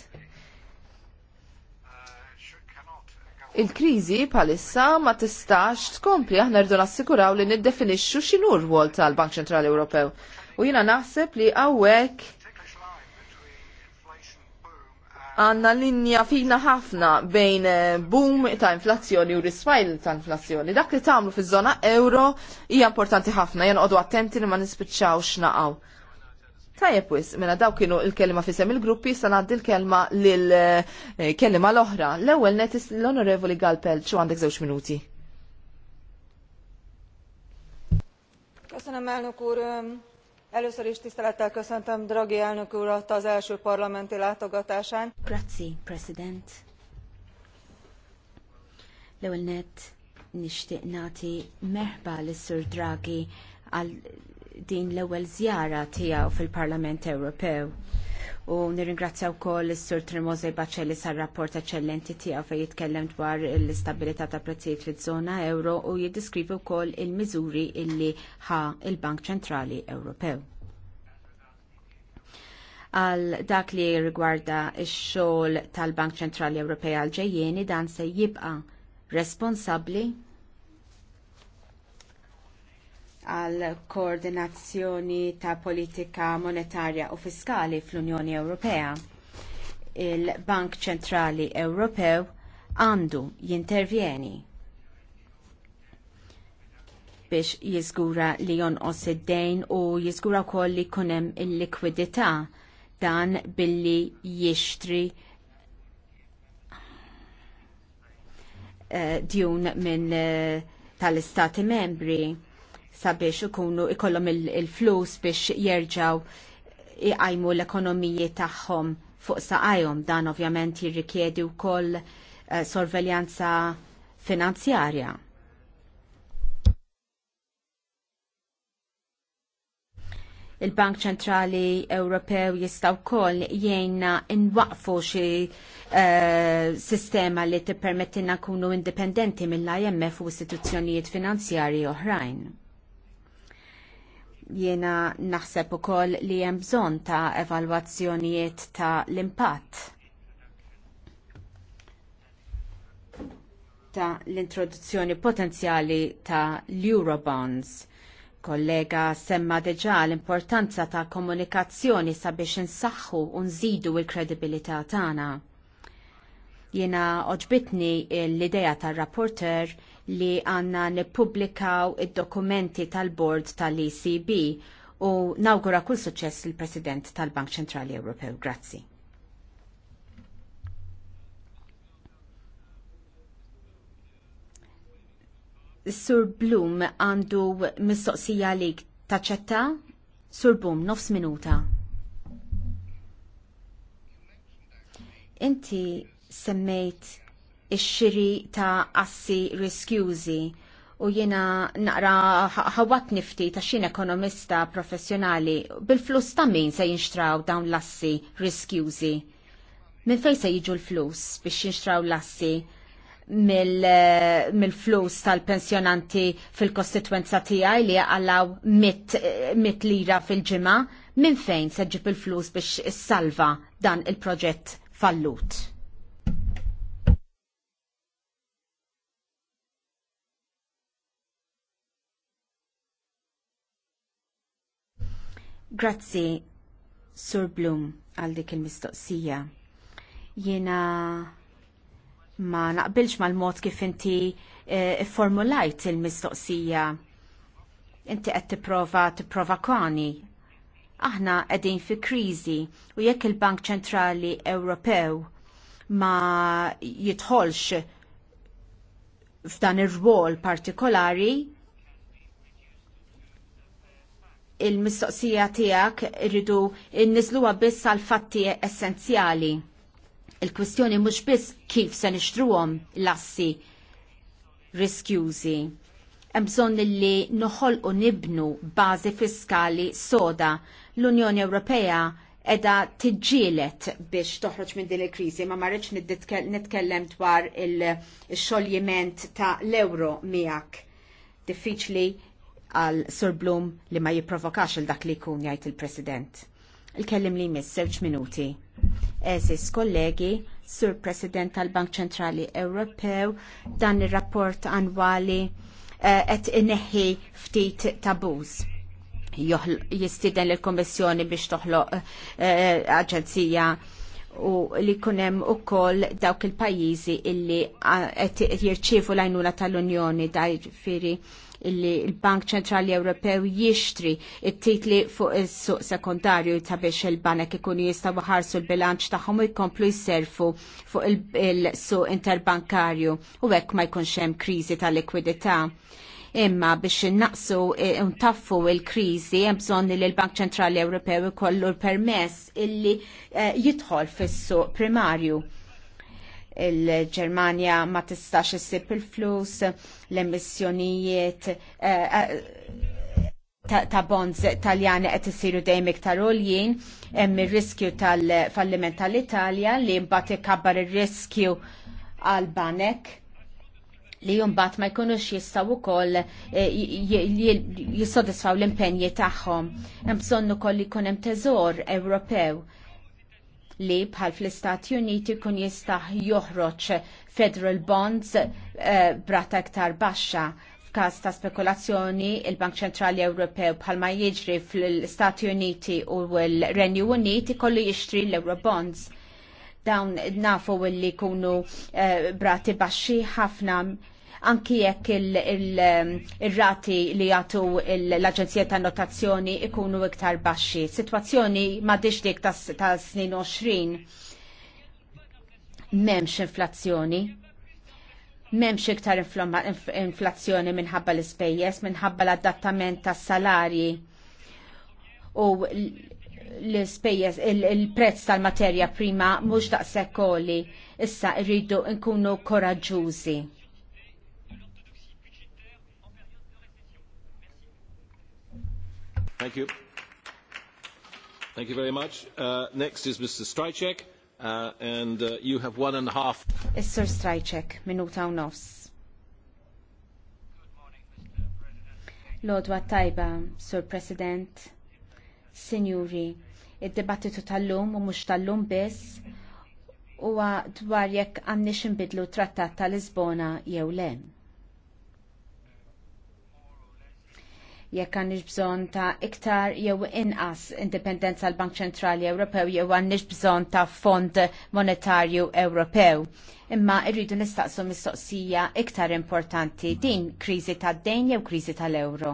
il kriżi palissa ma tistax tkompli aħna rridu nassikuraw li niddefinixxu x'inhu r-rwol tal-Bank Ċentrali Ewropew. U jiena naħseb li hawnhekk għanna linja fina ħafna bejn eh, boom ta' inflazzjoni u risfajl ta' inflazzjoni. Dak li tagħmlu fiż-żona euro hija importanti ħafna, jen għodu attenti li ma nispiċċawx naqgħu. Tajjeb wis, mela daw kienu il-kelma fisem il-gruppi, sa ngħaddi l-kelma l eh, kelma l-oħra. L-ewwel netis l-Onorevoli Galpelċ ċu għandek żewġ minuti. Köszönöm, elnök először is tisztelettel köszöntöm draghi elnök urat az első parlamenti látogatásán. Grazie, President. L-ewwel nett nixtieq nagħti merħba lis sur Draghi għal din l-ewwel żjara tiegħu fil-Parlament Ewropew u nirringrazzja wkoll is-Sur Tremozej Baċelli sar-rapport eċċellenti tiegħu fejn jitkellem dwar l-istabilità ta' prezzijiet fiż-żona euro u jiddiskrivi wkoll il-miżuri illi ħa il-Bank Ċentrali Ewropew għal dak li rigwarda il xogħol tal-Bank Ċentrali Ewropej għal ġejjieni dan se jibqa' responsabbli għal koordinazzjoni ta' politika monetarja u fiskali fl-Unjoni Ewropea. Il-Bank Ċentrali Ewropew għandu jintervjeni biex jiżgura li jonqos id-dejn u jiżgura wkoll li jkun hemm il-likwidità dan billi jixtri uh, djun minn uh, tal-istati membri sabiex ikunu ikollhom il-flus biex jerġaw iqajmu l-ekonomiji tagħhom fuq saqajhom dan ovvjament jirrikjedi wkoll eh, sorveljanza finanzjarja. il-Bank Ċentrali Ewropew jistaw kol jgħinna inwaqfu xi uh, sistema li tippermettina kunu indipendenti mill-IMF u istituzzjonijiet finanzjarji oħrajn. Jiena naħseb ukoll li hemm bżonn ta' evalwazzjonijiet ta' l-impatt ta' l-introduzzjoni potenzjali ta' l-Eurobonds. Kollega semma deġa l-importanza ta' komunikazzjoni sabiex insaħħu u nżidu l kredibilità tagħna. Jiena oġbitni l-idea tar rapporter li għanna nipublikaw id-dokumenti tal-Bord tal-ECB u nawgura kull suċess il-President tal-Bank Ċentrali Ewropew. Grazzi. Sur Blum għandu mistoqsija li taċċetta? Sur Blum, nofs minuta. Inti semmejt ix-xiri ta' assi riskjużi u jiena naqra ħawat nifti ta' xin ekonomista professjonali bil-flus ta' min se jinxtraw dawn l-assi riskjużi. Minn fejn se jiġu l-flus biex jinxtraw l-assi eh, mill-flus mil tal-pensjonanti fil-kostituenza tiegħi li għallaw mit, eh, mit lira fil-ġimgħa, minn fejn se ġib il-flus biex salva dan il-proġett fallut? Grazzi, Sur Blum, għal dik il-mistoqsija. Jiena ma naqbilx mal-mod kif inti eh, formulajt il-mistoqsija. Inti qed tipprova tipprova kwani. Aħna qegħdin fi kriżi u jekk il-Bank Ċentrali Ewropew ma jidħolx f'dan ir-rwol partikolari il-mistoqsija tiegħek irridu nniżluha biss għal fatti essenzjali. Il-kwistjoni mhux biss kif se nixtruhom l-assi riskjużi. Hemm bżonn li noħolqu nibnu bażi fiskali soda. L-Unjoni Ewropea edha tiġġielet biex toħroġ minn din il-kriżi, ma marriċ nitkellem dwar il xogħliment ta' l-euro miegħek. Diffiċli għal Sur Bloom li ma jipprovokax il dak li jkun jgħid il-President. Il-kellim li jmiss żewġ minuti. Eżis kollegi, Sur President tal-Bank Ċentrali Ewropew, dan ir-rapport annwali eh, qed inneħi ftit tabuż jistiden l-Kommissjoni biex toħloq eh, aġenzija u li kunem u koll dawk il-pajizi illi eh, jirċivu l-għajnuna tal-Unjoni da firi Illi l-Bank Ċentrali Ewropew jixtri it-titli fuq is-suq sekundarju sabiex il-banek ikunu jistgħu ħarsu l-bilanċ tagħhom u jkomplu jserfu fuq il-suq interbankarju u hekk ma jkunx hemm kriżi tal-likwidità imma biex innaqsu untaffu e, il-krizi hemm bżonn li l-Bank Ċentrali Ewropew ikollu l-permess illi e, jidħol fis-suq primarju il ġermania ma tistax issib il-flus, l-emissjonijiet eh, eh, ta' bonds taljani qed isiru dejjem iktar għoljin, hemm ir-riskju tal-falliment tal-Italja li mbagħad ikabbar ir-riskju għal banek li jumbat ma jkunux jistaw wkoll eh, jissodisfaw l-impenji tagħhom. Hemm bżonn ukoll li jkun hemm teżor Ewropew li bħal fl-Istati Uniti kun jistaħ joħroġ federal bonds eh, brata iktar baxxa f'każ ta' spekulazzjoni il-Bank Ċentrali Ewropew bħalma jiġri fl-Istati Uniti u l-Renju Uniti kollu jixtri l bonds. dawn nafu li kunu eh, brati baxxi ħafna anki jekk il-rati li jagħtu l-Aġenzija ta' Notazzjoni ikunu iktar baxxi. ma' m'għadix dik ta' snin 20 m'hemmx inflazzjoni. M'hemmx iktar inflazzjoni minħabba l-ispejjeż, minħabba l-adattament tas-salarji u l-spejjeż il-prezz tal-materja prima mhux daqshekk Issa rridu nkunu koraġġużi Thank you. Thank you very much. Uh, next is Mr. Strajcek, uh, and uh, you have one and a half. Is-Sir minuta u nofs. Lodwa tajba, Sir President, Signori, id-debattitu tal-lum u mux tal-lum biss huwa dwar jekk għandniex inbidlu trattat tal-Lisbona jew le. jekk għandix bżonn ta' iktar jew inqas indipendenza l bank Ċentrali Ewropew jew għandix bżonn ta' Fond Monetarju Ewropew. Imma rridu nistaqsu mistoqsija iktar importanti din kriżi tad-dejn jew kriżi tal-euro.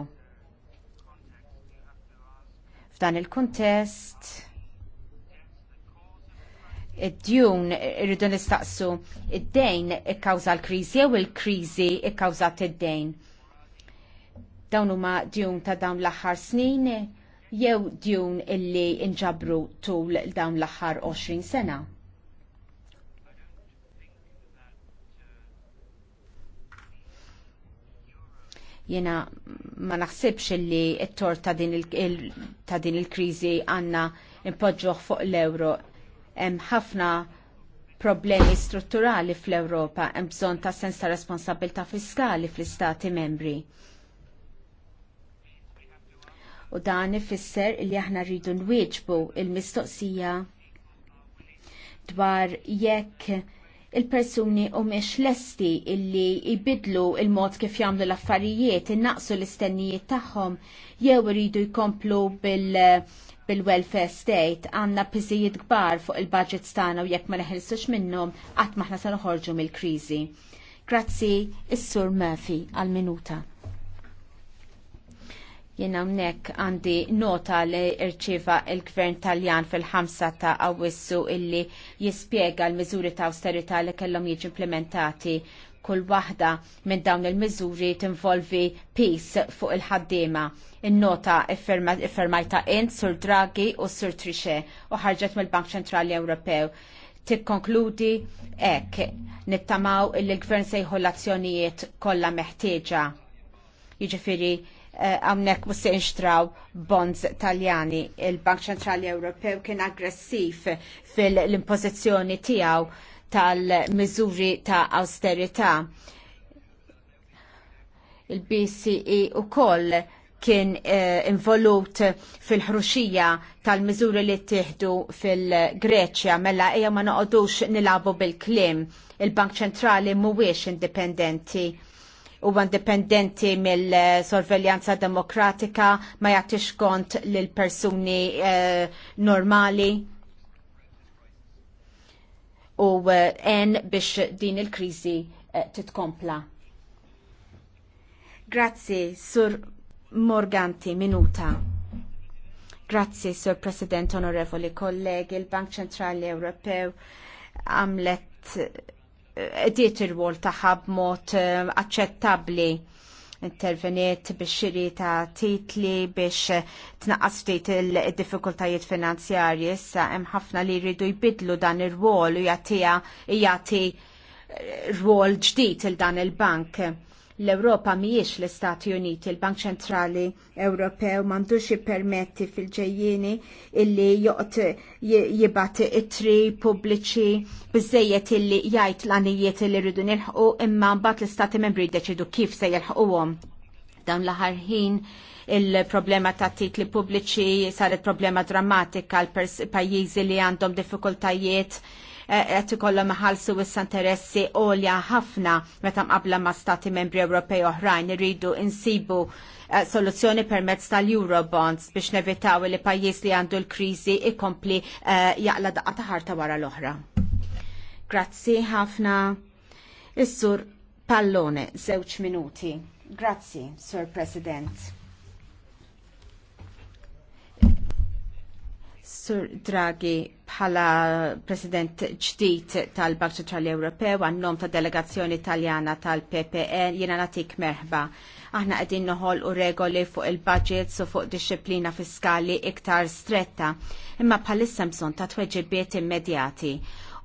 F'dan il-kuntest id-djun irridu nistaqsu id-dejn ikkawża l-kriżi jew il-kriżi ikkawżat id-dejn. Dawn huma djun ta' dawn l-aħħar snin jew djun illi inġabru tul dawn l-aħħar 20 sena. Jena ma naħsibx illi it-tor ta' din il-krizi il għanna impoġġuħ fuq l-euro. Hemm ħafna problemi strutturali fl-Ewropa hemm bżonn ta' sens ta' responsabilità fiskali fl-istati membri u dan ifisser li aħna rridu nwieġbu il-mistoqsija dwar jekk il-persuni u miex lesti illi jibidlu il-mod kif jagħmlu l-affarijiet, innaqsu l-istennijiet tagħhom jew iridu jkomplu bil- bil-welfare state għanna piżijiet kbar fuq il-budget tagħna u jekk ma neħilsux minnhom qatt maħna se noħorġu mill-kriżi. Grazzi, is-Sur Murphy għal-minuta jenna mnek għandi nota li irċiva il-gvern taljan fil-5 ta' għawissu illi jispiega l-mizuri ta' austerita li kellhom jiġi implementati kull waħda minn dawn il-miżuri tinvolvi peace fuq il-ħaddiema. il nota iffermajta in, sur Draghi u sur Trixe u ħarġet mill-Bank Ċentrali Ewropew tikkonkludi ek nittamaw il-gvern sejħu l-azzjonijiet kollha meħtieġa. Jiġifieri għamnek uh, musse inxtraw bonds taljani. Il-Bank Ċentrali Ewropew kien aggressiv fil-impożizzjoni tiegħu tal-miżuri ta' austerità. Il-BCE u koll kien uh, involut fil-ħruxija tal-miżuri li tieħdu fil-Greċja mela ejja ma noqogħdux nilabu bil-klim. Il-Bank Ċentrali mhuwiex indipendenti huwa indipendenti mill-sorveljanza demokratika ma jagħtix kont lil persuni uh, normali u eh, en biex din il-kriżi uh, titkompla. Grazzi, Sur Morganti, minuta. Grazzi, Sur President, onorevoli kollegi, il-Bank Centrali Ewropew għamlet ediet il-wol taħab b'mod eh, aċċettabbli interveniet biex xiri ta' titli biex eh, tnaqqas ftit il-diffikultajiet finanzjarji issa hemm ħafna li jridu jbidlu dan ir wol u jagħtiha jagħti eh, rwol ġdid il dan il-bank L-Ewropa mhijiex l-Istati Uniti, il-Bank Ċentrali Ewropew m'għandux jippermetti fil ġejjini illi joqt jibat it-tri pubbliċi bizzejiet illi jgħid l-għanijiet illi rridu nilħqu imma mbagħad l-Istati Membri jdeċidu kif se jilħquhom dawn l-aħħar ħin il-problema ta' titli pubbliċi saret problema drammatika l pajjiżi li għandhom diffikultajiet Eh, qed ikollhom iħallsu issa interessi għolja ħafna meta mqabbla ma' stati membri Ewropej oħrajn iridu insibu eh, soluzzjoni permezz tal-Eurobonds biex nevitaw li pajjiż li għandu l-kriżi ikompli eh, jaqla daqqa ta' ħarta wara l-oħra. Grazzi ħafna. Is-sur Pallone, żewġ minuti. Grazzi, Sur President. Sur Draghi bħala President ġdid tal-Bank Ċentrali Ewropew għannom ta' delegazzjoni Taljana tal-PPN e, jiena nagħtik merħba. Aħna qegħdin noħol u regoli fuq il-budgets u fuq disċiplina fiskali iktar stretta, imma bħalissa bżonn ta' tweġibiet immedjati.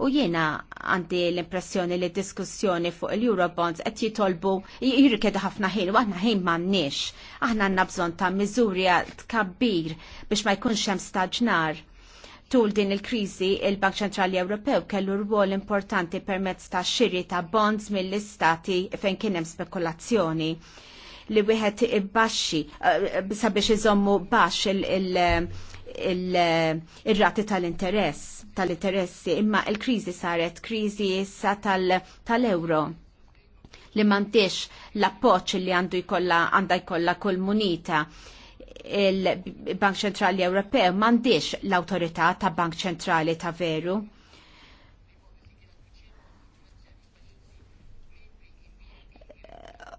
U jiena għandi l-impressjoni li diskussjoni fuq il-Eurobonds qed jitolbu jirkedu ħafna ħin u aħna ħin m'għandniex. Aħna għandna bżonn ta' miżuri kabbir biex ma jkunx hemm staġnar Tul din il-kriżi, il-Bank Ċentrali Ewropew kellu rwol importanti permezz ta' xiri ta' bonds mill-istati fejn kien hemm spekulazzjoni li wieħed ibbaxxi eh, sabiex iżommu baxx il-rati tal-interess tal-interessi imma il-kriżi saret kriżi issa tal-euro li mantiex l-appoċ li għandu jkollha għandha jkollha kull munita il-Bank Ċentrali Ewropew m'għandix l-awtorità ta' Bank Ċentrali ta' veru.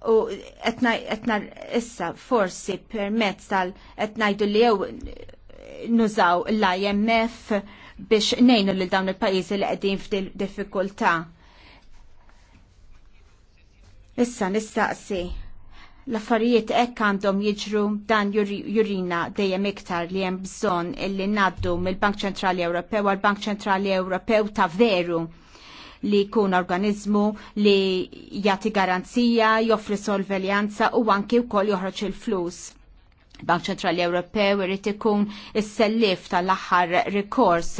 U etna issa forsi permezz tal etnajdu li jew nużaw l-IMF biex nejnu lil dawn il-pajjiżi li qegħdin f'diffikultà. Issa nistaqsi l-affarijiet hekk għandhom jiġru dan jurina dejjem iktar li hemm bżonn illi ngħaddu mill-Bank Ċentrali Ewropew għal Bank Ċentrali Ewropew ta' veru li jkun organizmu li jagħti garanzija, joffri solveljanza u anki wkoll joħroġ il-flus. Bank Ċentrali Ewropew irid ikun is-sellif tal-aħħar rikors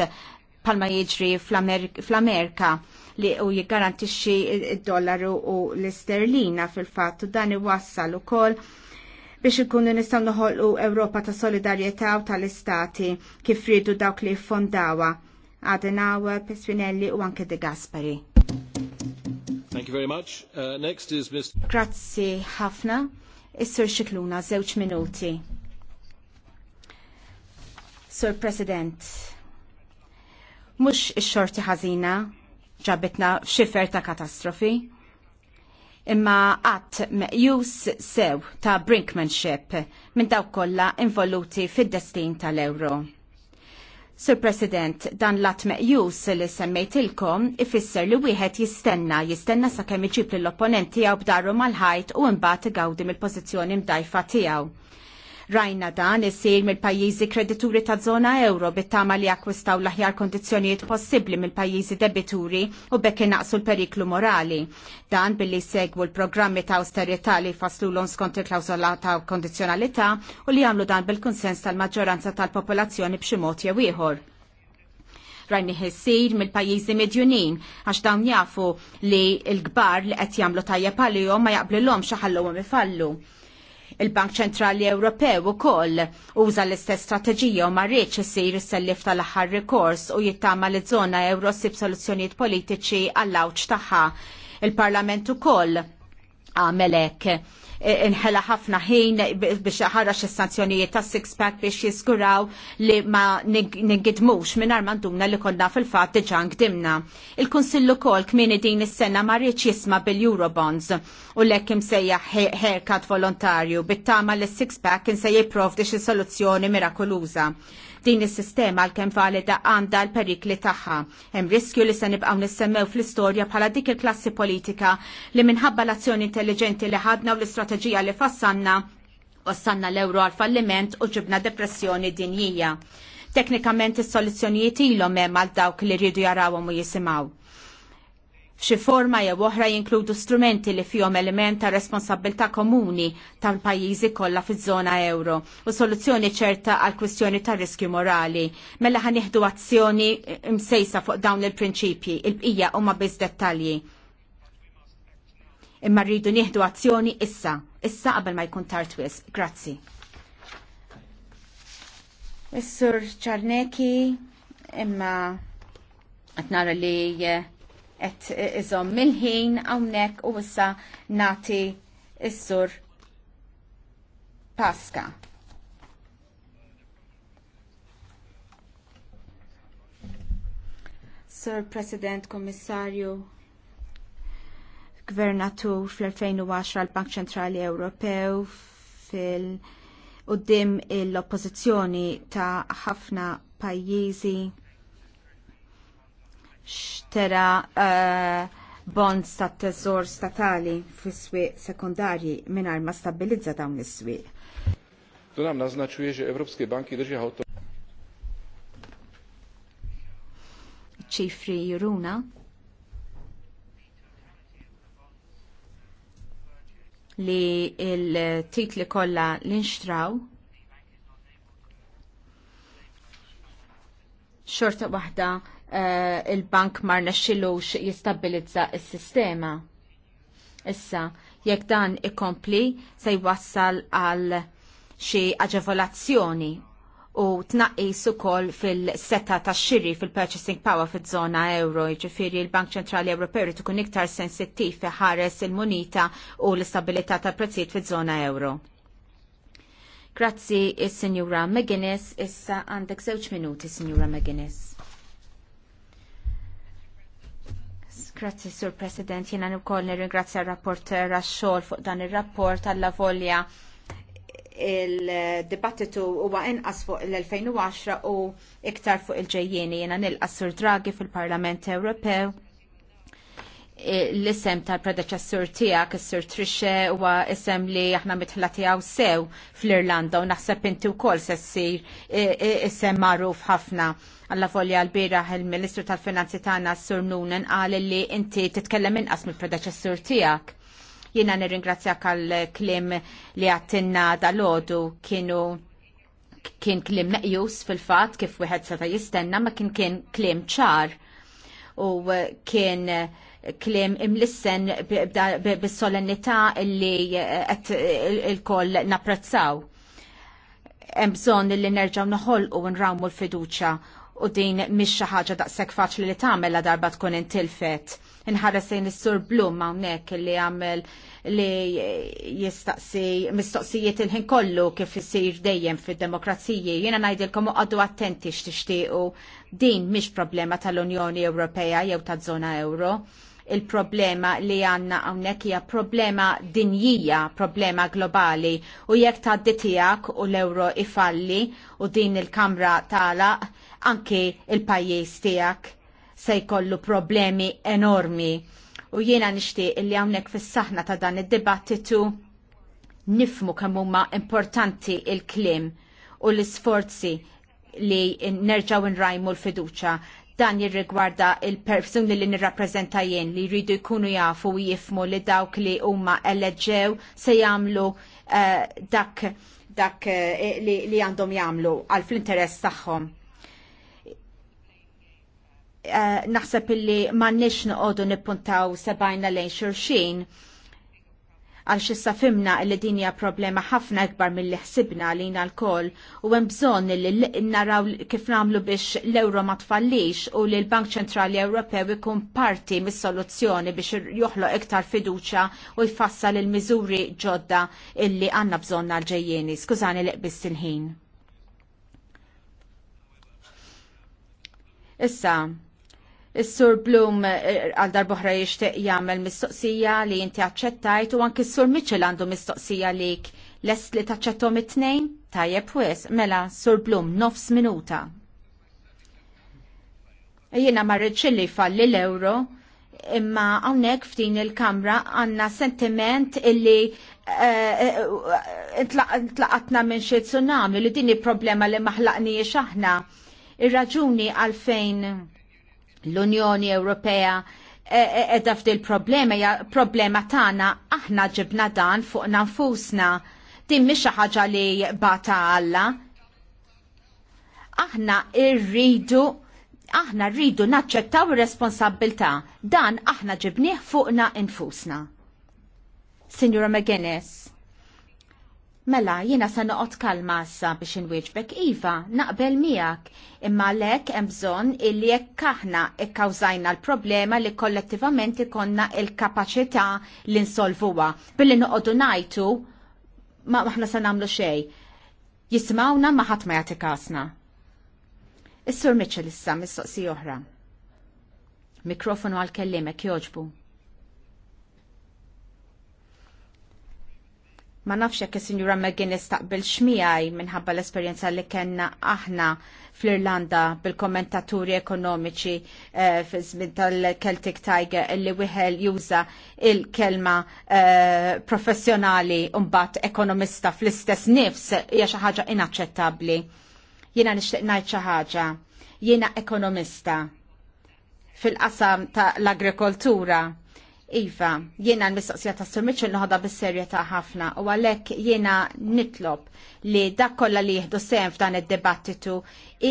palma jiġri fl-Amerika. fl amerika li u jiggarantixxi il dollaru u l-isterlina fil-fatt u dan iwassal ukoll biex ikunu nistgħu noħolqu Ewropa ta' solidarieta u tal-istati kif ridu dawk li fondawa. Adenauer, Pesvinelli u anke De Gaspari. Thank you very much. Uh, next is Mr. Grazzi ħafna. Is-Sur Xikluna, żewġ minuti. Sur President, mhux ix-xorti ħażina ġabetna f'xifer ta' katastrofi. Imma qatt meqjus sew ta' brinkmanship minn dawk kollha involuti fid-destin tal-euro. Sir President, dan l-att meqjus li semmejtilkom ifisser li wieħed jistenna, jistenna sakemm iġib lill opponenti għaw bdarru mal-ħajt u mbagħad igawdi mill-pożizzjoni mdajfa tiegħu Rajna dan isir mill-pajjiżi kredituri ta' zona euro bit-tama li akkwistaw l-aħjar kondizzjonijiet possibbli mill-pajjiżi debituri u bekk naqsu l-periklu morali. Dan billi segwu l-programmi ta' austerità li faslu l skont il-klawzola ta' kondizjonalità u li għamlu dan bil-konsens tal-maġġoranza tal-popolazzjoni b'xi mod jew ieħor rajni ħessir mill-pajjiżi medjunin għax dawn jafu li l-gbar li qed jagħmlu tajjeb għalihom ma jaqblilhom xi ħallhom ifallu. Il-Bank Ċentrali Ewropew ukoll uża l-istess strateġija u ma rridx isir is-sellif tal-aħħar rikors u jittama li żona Ewro sib soluzzjonijiet politiċi għall-awċ tagħha. Il-Parlament ukoll għamelek e, inħela ħafna ħin biex ħarrax is-sanzjonijiet ta' six pack biex jiskuraw li ma ningidmux minn armanduna li konna fil-fatt diġà gdimna. il konsillu kol kmieni din is-sena ma rridx jisma' bil-Eurobonds u lek imsejjaħ haircut volontarju bit-tama li six pack insejjaħ jipprovdi xi soluzzjoni mirakoluża. Din is-sistema għalkemm valida għandha l-perikli tagħha. Hemm riskju li se nibqgħu nissemmew fl-istorja bħala dik il-klassi politika li minħabba l-azzjoni intelligenti li ħadna u l-istrateġija li fassanna wassanna l-euro għal falliment u ġibna depressjoni dinjija. Teknikament is-soluzzjonijiet ilhom hemm għal dawk li rridu jarawhom u jisimgħu f'xi forma jew oħra jinkludu strumenti li fihom element ta' responsabilità komuni tal-pajjiżi kollha fiż-żona euro u soluzzjoni ċerta għal kwistjoni ta' riskju morali. Mela ħanieħdu azzjoni msejsa fuq dawn il-prinċipji, il-bqija huma biss dettalji. Imma rridu nieħdu azzjoni issa, issa qabel ma jkun tard Grazzi. Missur Ċarneki imma qed nara li et izom mill-ħin għawnek u issa nati issur Pasqa. Sir President, Komissarju, Gvernatur fl-2010 l-Bank Ċentrali Ewropew fil- qoddim l-oppożizzjoni ta' ħafna pajjiżi xtera uh, bonds ta' tesor statali fis-swieq sekundarji mingħajr ma stabilizza dawn is-swieq. To nam naznaczuje, że banki drżiały to. ċifri juruna li il-titli kollha l-inxtraw xorta waħda uh, il-bank mar nexxilux jistabilizza s-sistema. Issa, jekk dan ikompli se jwassal għal xi aġevolazzjoni u tnaqqis ukoll fil-seta tax xiri fil-purchasing power fiż-żona euro, jiġifieri l-Bank Ċentrali Ewropew ikun iktar sensittiv fi ħares il-munita u l-istabilità tal-prezzijiet fiż-żona euro. Grazzi is signora McGuinness, issa għandek żewġ minuti, Signora McGuinness. Grazzi, Sur President, jena nukoll nirringrazzja rapporter għax-xogħol fuq dan ir-rapport għalla volja il-dibattitu huwa inqas fuq l-2010 u iktar fuq il-ġejjeni jena nilqas Sur Draghi fil-Parlament Ewropew l-isem tal-predeċessur tijak, s-sur Trisha, u isem li aħna mitħla tijaw sew fl-Irlanda, u naħseb inti u kol s-sir e, e, isem marruf ħafna. Alla folja l-bira il-Ministru tal-Finanzi tagħna s-sur Nunen għal li inti titkellem inqas mill-predeċessur tijak. Jina nirringrazzjak għal-klim li għattinna dal-ħodu kienu kien klim meqjus fil-fat kif wieħed seta jistenna ma kien kien klim ċar u kien uh, klim imlissen bis-solennità li eh, eh, il-koll napprezzaw. Hemm bżonn li nerġgħu noħolqu nrawmu l-fiduċja u din mhix xi ħaġa daqshekk faċli li tagħmelha darba tkun intilfet. Inħares lejn is-sur Blum hawnhekk li għamel li jistaqsi mistoqsijiet il-ħin kollu kif isir dejjem fid-demokrazija. Jiena ngħidilkom għaddu attenti x'tixtiequ din mhix problema tal-Unjoni Ewropea jew taż-żona euro il-problema li għanna għonek hija problema dinjija, problema globali u jekk ta' ditijak u l-euro ifalli u din il-kamra tala anki il-pajis tijak se jkollu problemi enormi u jiena nishtiq li għonek fis-saħna ta' dan id-dibattitu nifmu kemm huma importanti il-klim u l-isforzi li nerġaw nrajmu l-fiduċa Dan jirrigwarda il-persuni li nirrappreżenta jien li jridu jkunu jafu u jifmu li dawk li huma eleġew se jagħmlu uh, dak, dak uh, li, li għandhom jagħmlu għal fl-interess tagħhom. Uh, naħseb illi ma nix noqogħdu nippuntaw sebajna lejn xulxin għal issa fimna li din hija problema ħafna ikbar mill-li ħsibna lina l kol u hemm bżonn li naraw kif nagħmlu biex l-euro ma tfallix u li l-Bank Ċentrali Ewropew ikun parti mis-soluzzjoni biex joħloq iktar fiduċja u jfassal il-miżuri ġodda illi għandna bżonn għal-ġejjeni. Skużani li qbist il-ħin. Issa, Is-Sur Blum eh, għal darbohra jixtieq jagħmel mistoqsija li inti aċċettajt u anki s-Sur Mitchell għandu mistoqsija lik lest li taċċettom it-tnejn? Tajjeb wis, mela Sur Blum nofs minuta. Jiena ma rridx li falli l-euro imma hawnhekk f'din il-kamra għandna sentiment illi eh, eh, intlaqatna minn xie tsunami li din problema li maħlaqniex aħna. Ir-raġuni għalfejn L-Unjoni Ewropea edha e, e, f'dil problema, ja problema tagħna aħna ġibna dan fuq nanfusna. Din mhix xi ħaġa li bata Alla. Aħna rridu aħna rridu naċċettaw ir-responsabbiltà. Dan aħna ġibnieh fuqna infusna. Signora McGuinness. Mela, jiena se noqgħod kalma sa biex inwieġbek iva, naqbel miegħek, imma lek hemm bżonn illi jekk aħna ikkawżajna l-problema li kollettivament ikonna l-kapaċità li nsolvuha billi noqogħdu ngħidu ma aħna se nagħmlu xejn. Jismawna ma ħadd ma jagħti kasna. Is-Sur Mitchell issa mistoqsija oħra. Mikrofonu għal kellimek jogħġbu. Ma nafx jekk is-Sinjura McGuinness taqbel xmijaj minħabba l-esperjenza li kellna aħna fl-Irlanda bil-kommentaturi ekonomiċi eh, fiż żmien tal-Celtic Tiger illi wieħel juża il-kelma professjonali eh, professjonali mbagħad ekonomista fl-istess nifs hija xi ħaġa inaċċettabbli. Jiena nixtieq ngħid xi ħaġa. Jiena ekonomista fil-qasam tal-agrikoltura Iva, jiena l-mistoqsija ta' Sir Mitchell noħodha bis-serjetà ħafna u għalhekk jiena nitlob li dak kollha li jieħdu sehem f'dan id-dibattitu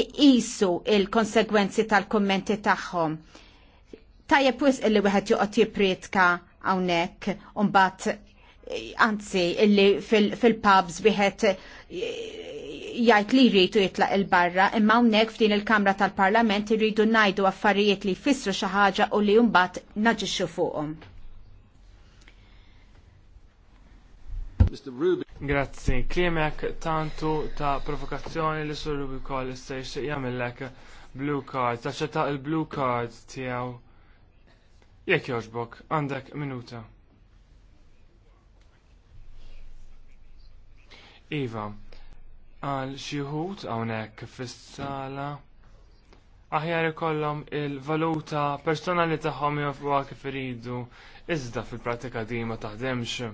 iqisu il-konsegwenzi tal-kummenti tagħhom. Tajjeb wisq li wieħed joqgħod jipritka hawnhekk u mbagħad anzi illi fil-pubs wieħed jgħid li jridu jitlaq il-barra, imma hawnhekk f'din il-Kamra tal-Parlament irridu ngħidu affarijiet li jfissru xi ħaġa u li mbagħad naġixxu fuqhom. Grazzi, kliemek tantu ta' provokazzjoni li sur Ruby Koll istajx jixtieq jagħmellek blue card, ta' il-blue card tiegħu. Jekk jogħġbok, għandek minuta. Iva, għal xieħut għawnek fis-sala aħjar ikollhom il-valuta personali tagħhom jofruha kif iridu, iżda fil-pratika di ma taħdemx.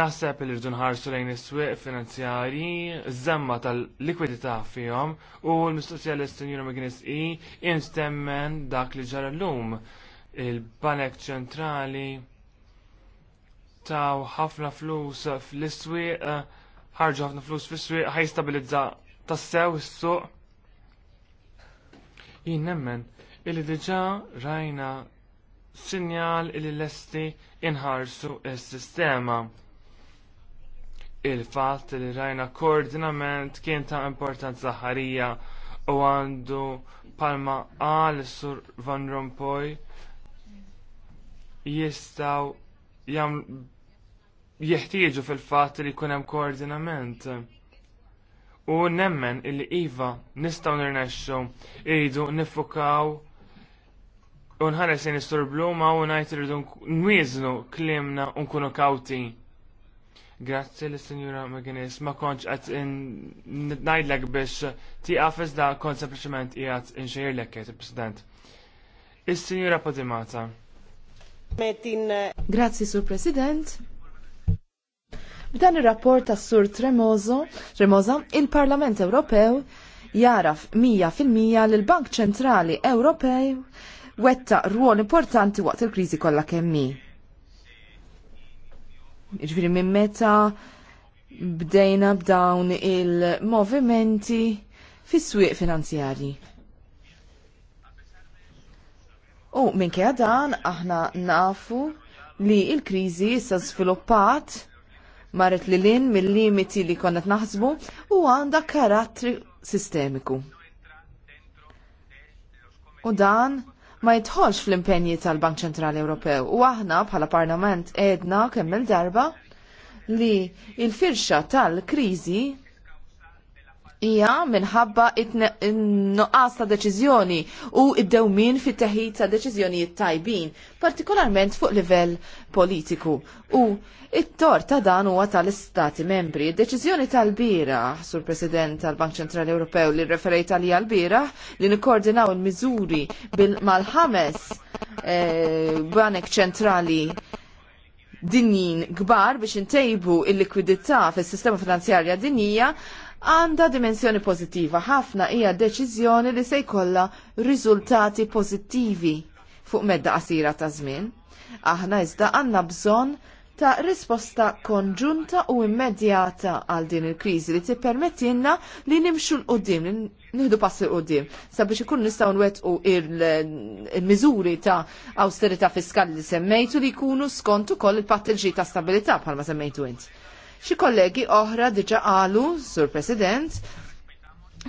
Naħseb li rridu nħarsu lejn is-swieq finanzjarji, żemma tal-likwidità fihom u l-mistoqsija l Sinjura McGuinness i e instemmen dak li ġara llum il-Banek Ċentrali injetaw ħafna flus fl-iswieq, eh, ħarġu ħafna flus fl ħaj stabilizza tassew is-suq. Jien nemmen illi diġa' rajna sinjal illi lesti inħarsu s-sistema. Il-fatt li rajna koordinament kien ta' importanza ħarija u għandu palma għal sur Van Rompuy jistaw jam jeħtieġu fil-fatt li jkun hemm koordinament. U nemmen illi iva nistgħu nirnexxu iridu nifukaw u nħares jen istorbluma u ngħid iridu nwieżnu kliemna u nkunu kawti. Grazzi l sinjura Maginis, ma konċ għat najdlek biex tiqaf da kont sempliciment jgħat inxejr il President. Is-Sinjura Podimata. Grazzi, Sur President. B'dan ir-rapport tas Sur Tremoso, Tremosa, il-Parlament Ewropew jaraf 100% li l-Bank Ċentrali Ewropej wetta rwol importanti waqt il-kriżi kollha kemm hi. Jiġifieri minn meta bdejna b'dawn il-movimenti fis-swieq finanzjarji. U minkejja dan aħna nafu li il-kriżi issa sviluppat marret li lin mill-limiti li konnet naħsbu u għanda karattri sistemiku. U dan ma jitħolx fl-impenji tal-Bank Ċentral Ewropew u aħna bħala Parlament edna kemm il-darba li il-firxa tal-krizi hija minħabba nuqqas ta' deċiżjoni u id-dewmin fit-teħid ta' deċiżjonijiet tajbin, partikolarment fuq livell politiku. U it-tor ta' dan huwa tal-Istati membri. Deċiżjoni tal-bira, sur President tal-Bank Ċentrali Ewropew li referejt għalija l-bira li nikkoordinaw il-miżuri mal-ħames eh, banek ċentrali dinjin gbar biex intejbu il-likwidità fis-sistema finanzjarja dinjija għandha dimensjoni pożittiva ħafna hija deċiżjoni li se jkollha riżultati pożittivi fuq medda qasira ta' żmien. Aħna iżda għandna bżonn ta' risposta konġunta u immedjata għal din il-kriżi li tippermettilna li nimxu l qudiem li nieħdu passi l qudiem sabiex ikun nistgħu nwettqu il-miżuri ta' awsterità fiskali li semmejtu li jkunu skont ukoll il-pattilġi ta' stabilità bħalma semmejtu int. Xi kollegi oħra diġa qalu, Sur President,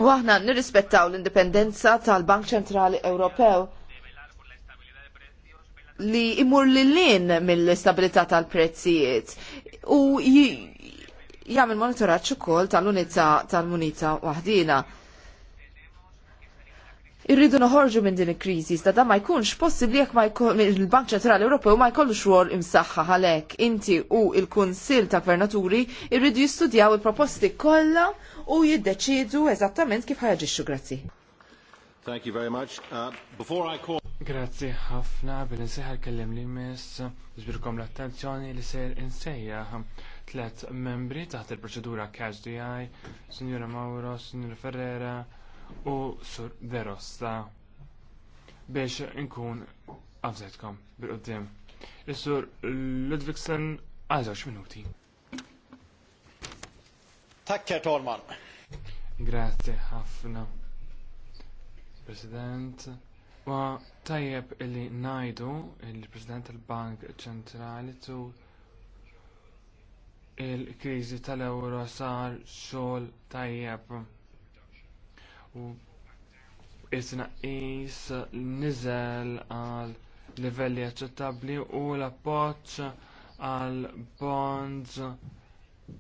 u aħna nirrispettaw l-indipendenza tal-Bank Ċentrali Ewropew li imur lil-lin mill-istabilità tal-prezzijiet u jagħmel monitoraġġ ukoll tal-unità tal-munita waħdina irridu noħorġu minn din il krizi sta da ma jkunx possibbli jekk il-Bank Ċentrali Ewropew ma jkollux rwol imsaħħa għalhekk inti u il-Kunsill ta' Gvernaturi irridu jistudjaw il-proposti kollha u jiddeċidu eżattament kif ħajġixxu grazzi. Thank you very much. Uh, before I call Grazzi ħafna bil nseħar kellem li miss ġbirkom l-attenzjoni li ser insejjaħ tlet membri taħt il-proċedura Catch DI, Signora Mauro, Signora Ferrera, u Sur Derossa biex nkun għafzetkom bil-qoddim. Is-Sur Ludvigsen għal minuti. Takke, Herr Torman. Grazie ħafna. President. Wa tajjeb illi najdu il-President tal-Bank ċentrali tu il-krizi tal-euro sar xol tajjeb iznaqis nizel għal livelli aċċettabbli u l-appoġġ għal bonds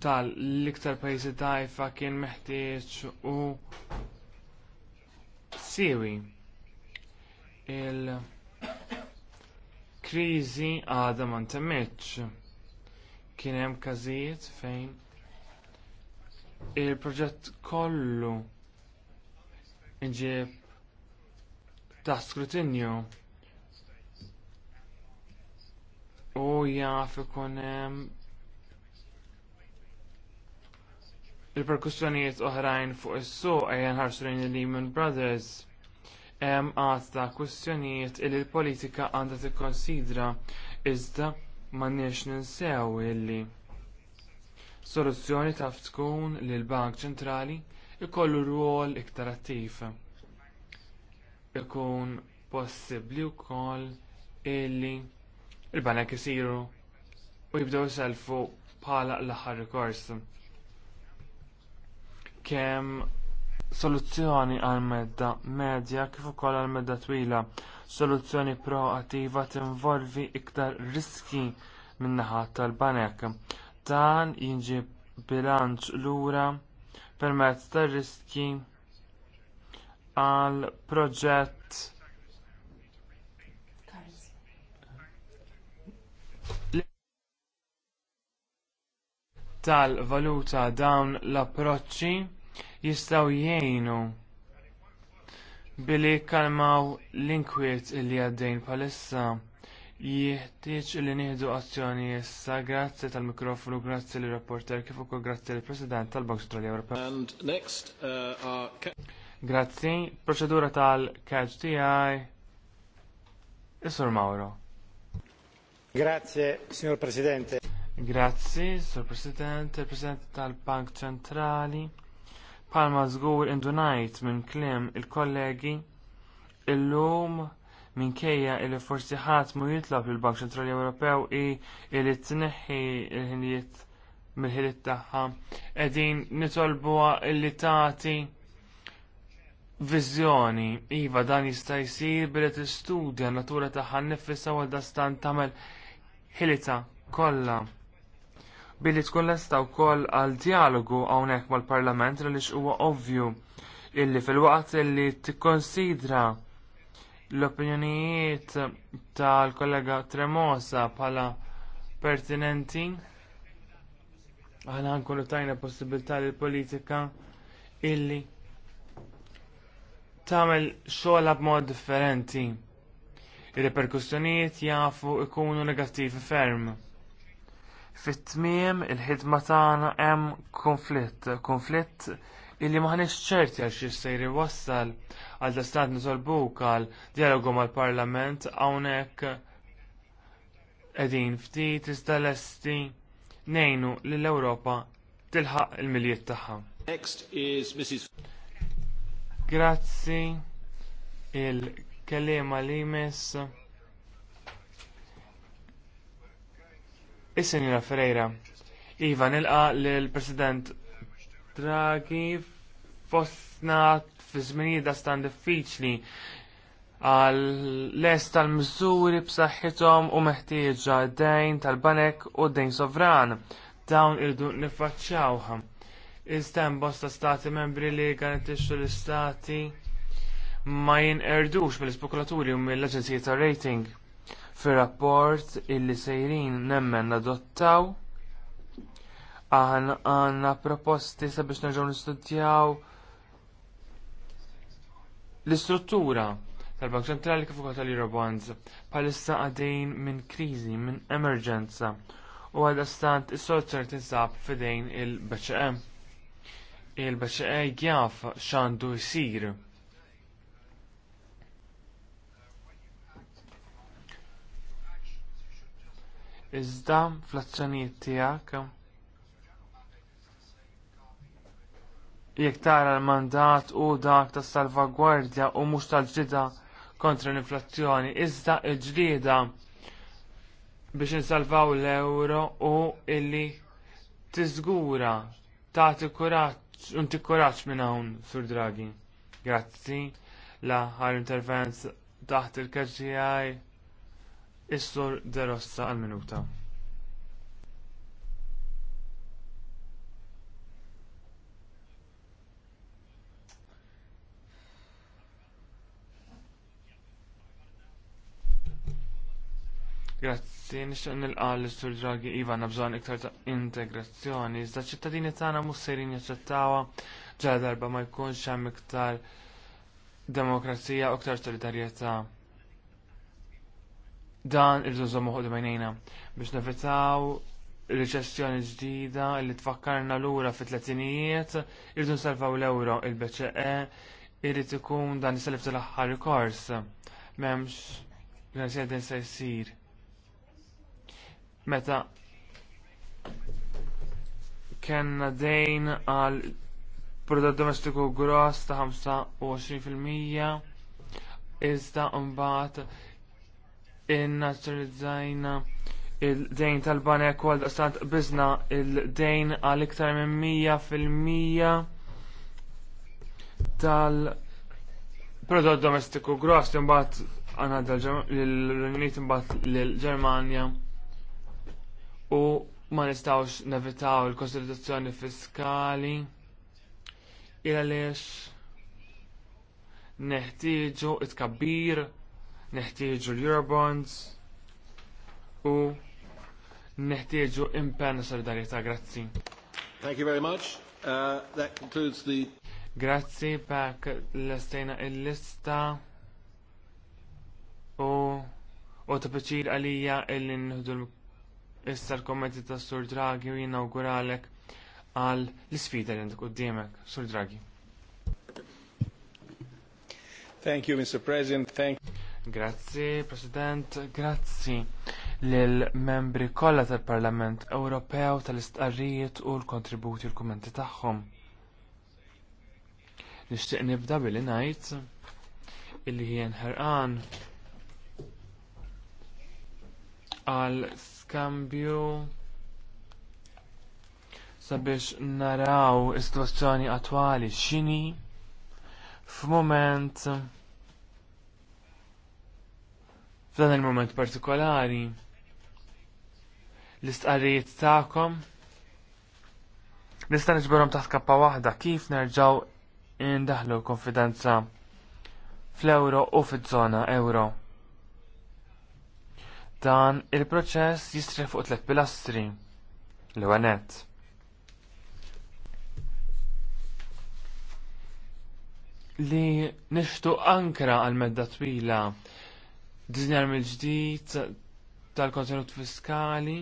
tal-iktar pajjiżi tajfa kien meħtieġ u siwi il kriżi għadha ma ntemmitx. Kien hemm każijiet fejn il-proġett kollu inġib ta' skrutinju u jaf ikun il-perkussjonijiet oħrajn fuq is-suq għajan ħarsu lejn il-Lehman Brothers hemm għadda kwistjonijiet li l-politika għandha tikkonsidra iżda m'għandniex ninsew illi soluzzjoni taf tkun li l-Bank Ċentrali ikollu rwol iktar attiv. Ikun possibbli wkoll illi il-banek isiru u jibdew selfu bħala l-aħħar rikors. Kemm soluzzjoni għal medda medja kif ukoll għal medda twila, soluzzjoni proattiva tinvolvi iktar riski min-naħa tal-banek. Dan jinġib bilanċ lura permezz ta' riski għal proġett tal-valuta dawn l-approċċi jistgħu jgħinu billi kalmaw l-inkwiet li għaddejn bħalissa. Jieħtieġ li nieħdu azzjoni issa grazzi tal-mikrofonu, grazzi li rapporter kif ukoll grazzi li President tal-Bank Centrali Ewropew. And next uh, Grazzi, proċedura tal-catch TI. Isur Mauro. Grazie, signor Presidente. Grazzi, Sur President, President tal-Bank Ċentrali. Palma żgur indunajt minn klim il-kollegi illum minkejja li forsi ħadd mu jitlob il-Bank Ċentrali Ewropew i li tneħħi l-ħinijiet mill-ħiliet tagħha qegħdin nitolbuha li tagħti viżjoni iva dan jista' jsir billi tistudja natura tagħha nnifisha għal dastan tagħmel ħilita kollha billi tkun lesta wkoll għal dialogu hawnhekk mal-Parlament li huwa ovvju illi fil-waqt li tikkonsidra l-opinjonijiet tal-kollega Tremosa bħala pertinenti aħna nkunu tajna possibilità li politika illi tagħmel xogħla b'mod differenti. Ir-reperkussjonijiet jafu ikunu negattivi ferm. Fit-tmiem il-ħidma tagħna hemm konflitt, konflitt illi maħniex ċerti għal jista' wassal għal dastant nitolbuk għal dialogu mal-Parlament hawnhekk qegħdin ftit iżda lesti ngħinu lill ewropa tilħaq il-miljiet tagħha. Next is Mrs. Grazzi il-kelema li jmiss. Is-Sinjura Ferreira, Iva nilqa l-President Draghi fostna fi żminijiet da stan diffiċli għal lest tal-mżuri b'saħħithom u meħtieġa dejn tal-banek u dejn sovran dawn irdu nifaċċawha. Iżda bosta stati membri li garantixxu l-istati ma jinqerdux mill-ispekulaturi u mill-aġenziji tar rating fir rapport illi sejrin nemmen adottaw Aħna għanna proposti sabiex nerġgħu nistudjaw l-istruttura tal-Bank Ċentrali kif ukoll tal-Eurobonds bħalissa għadejn minn kriżi, minn emerġenza u għadha stant is-soċer tinsab f'idejn il-BCE. Il-BCE jaf x'għandu jsir. Iżda fl-azzjonijiet tiegħek jekk tara l-mandat u dak ta' salvagwardja u mhux tal-ġida kontra l-inflazzjoni, iżda l-ġlieda biex insalvaw l-euro u illi tiżgura tagħti kuraġġ u nti kuraġġ minn hawn sur Draghi. Grazzi La ħar intervent taħt il-KGI is-sur Derossa għal-minuta. Grazzi, nil nilqal l-Istur Draghi Iva nabżon iktar ta' integrazzjoni. Iżda ċittadini tagħna għana musserin jaċċettawha ġa darba ma jkunx hemm iktar demokrazija u iktar solidarjetà. Dan irdu żommu d bejnejna biex nevitaw reċessjoni ġdida li tfakkarna lura fit-tletinijiet irdu nsalvaw l-euro il-BCE irrid ikun dan iself tal-aħħar rikors. M'hemmx din se jsir meta kena dejn għal prodott domestiku gross ta' 25% iżda mbagħad innazzjonalizzajna il-dejn tal-banek għal daqstant bizna il-dejn għal iktar minn 100% tal-prodott domestiku gross imbagħad għandha l-Unit imbagħad l-Ġermanja u ma nistawx nevitaw il-konsolidazzjoni fiskali il għaliex neħtieġu it-kabbir, neħtieġu l-Eurobonds u neħtieġu impenn solidarjetà. Grazzi. Thank you very much. Uh, that concludes the Grazzi pak l estajna il-lista u u ta' għalija il-nħdu Issa l-kommenti ta' Sur Draghi u jinawguralek għal l-sfida li għandek qudiemek, Sur Draghi. Thank you, Mr. President. Thank Grazzi, President. Grazzi lill-membri kollha tal-Parlament Ewropew tal-istqarrijiet u l-kontributi u l-kummenti tagħhom. Nixtieq nibda billi ngħid illi jien ħerqan għal skambju sabiex naraw is-sitwazzjoni attwali x'inhi f'mument f'dan il-moment partikolari l-istqarrijiet tagħkom nista' niġborhom taħt kappa waħda kif nerġaw indaħlu konfidenza fl-euro u fiż-żona euro. Dan il-proċess jistri fuq tliet pilastri. L-ewwel nett. Li nixtu ankra għal medda twila diżinjar mill-ġdid tal-kontenut fiskali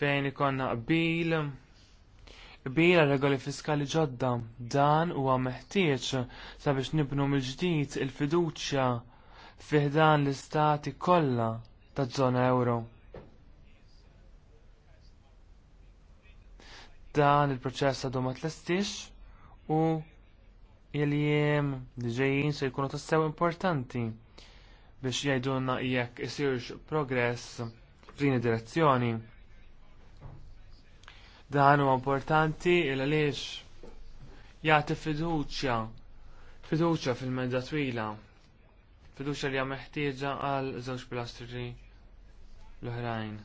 fejn ikonna qbil Bila regoli fiskali ġodda dan huwa meħtieġ sabiex nibnu mill-ġdid il-fiduċja il fiduċja fiħdan l-istati kollha taż-żona Ewro. Dan il-proċess għadu ma tlestix u il-jiem li ġejjin se jkunu tassew importanti biex jgħidulna jekk isirx progress f'din id-direzzjoni. Dan huwa importanti il għaliex jagħti fiduċja fiduċja fil-medda twila fiduċa li meħtieġa għal żewġ pilastri l-oħrajn.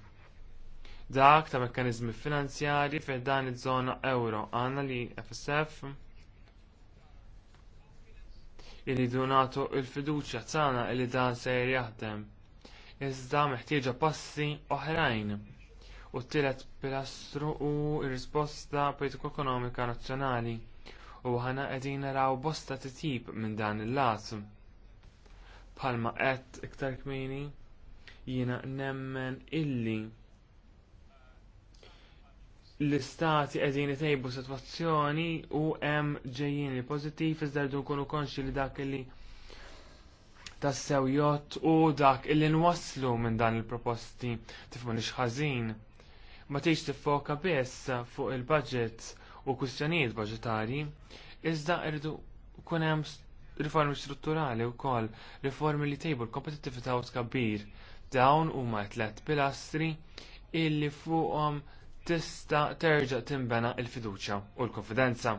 Dak ta' mekkanizmi finanzjari fi dan iż-żona euro għanna li FSF li donatu il-fiduċja tagħna li dan se jaħdem. Iżda meħtieġa passi oħrajn. U t-tielet pilastru u r-risposta politiko ekonomika nazzjonali u ħana qegħdin naraw bosta titjib minn dan il-lat palma qed iktar kmini jiena nemmen illi l-istati qegħdin itejbu sitwazzjoni u hemm ġejjin pożittiv iżda rridu nkunu konxi li dak li tassew jott u dak illi nwasslu minn dan il-proposti tifmu ħażin. Ma tix tiffoka biss fuq il-budget u kwistjonijiet budgetari, iżda rridu kunem hemm riformi strutturali wkoll riformi li tejbu l kompetitività u tkabbir. Dawn huma tliet pilastri illi fuqhom tista' terġa' timbena l-fiduċja u l-konfidenza.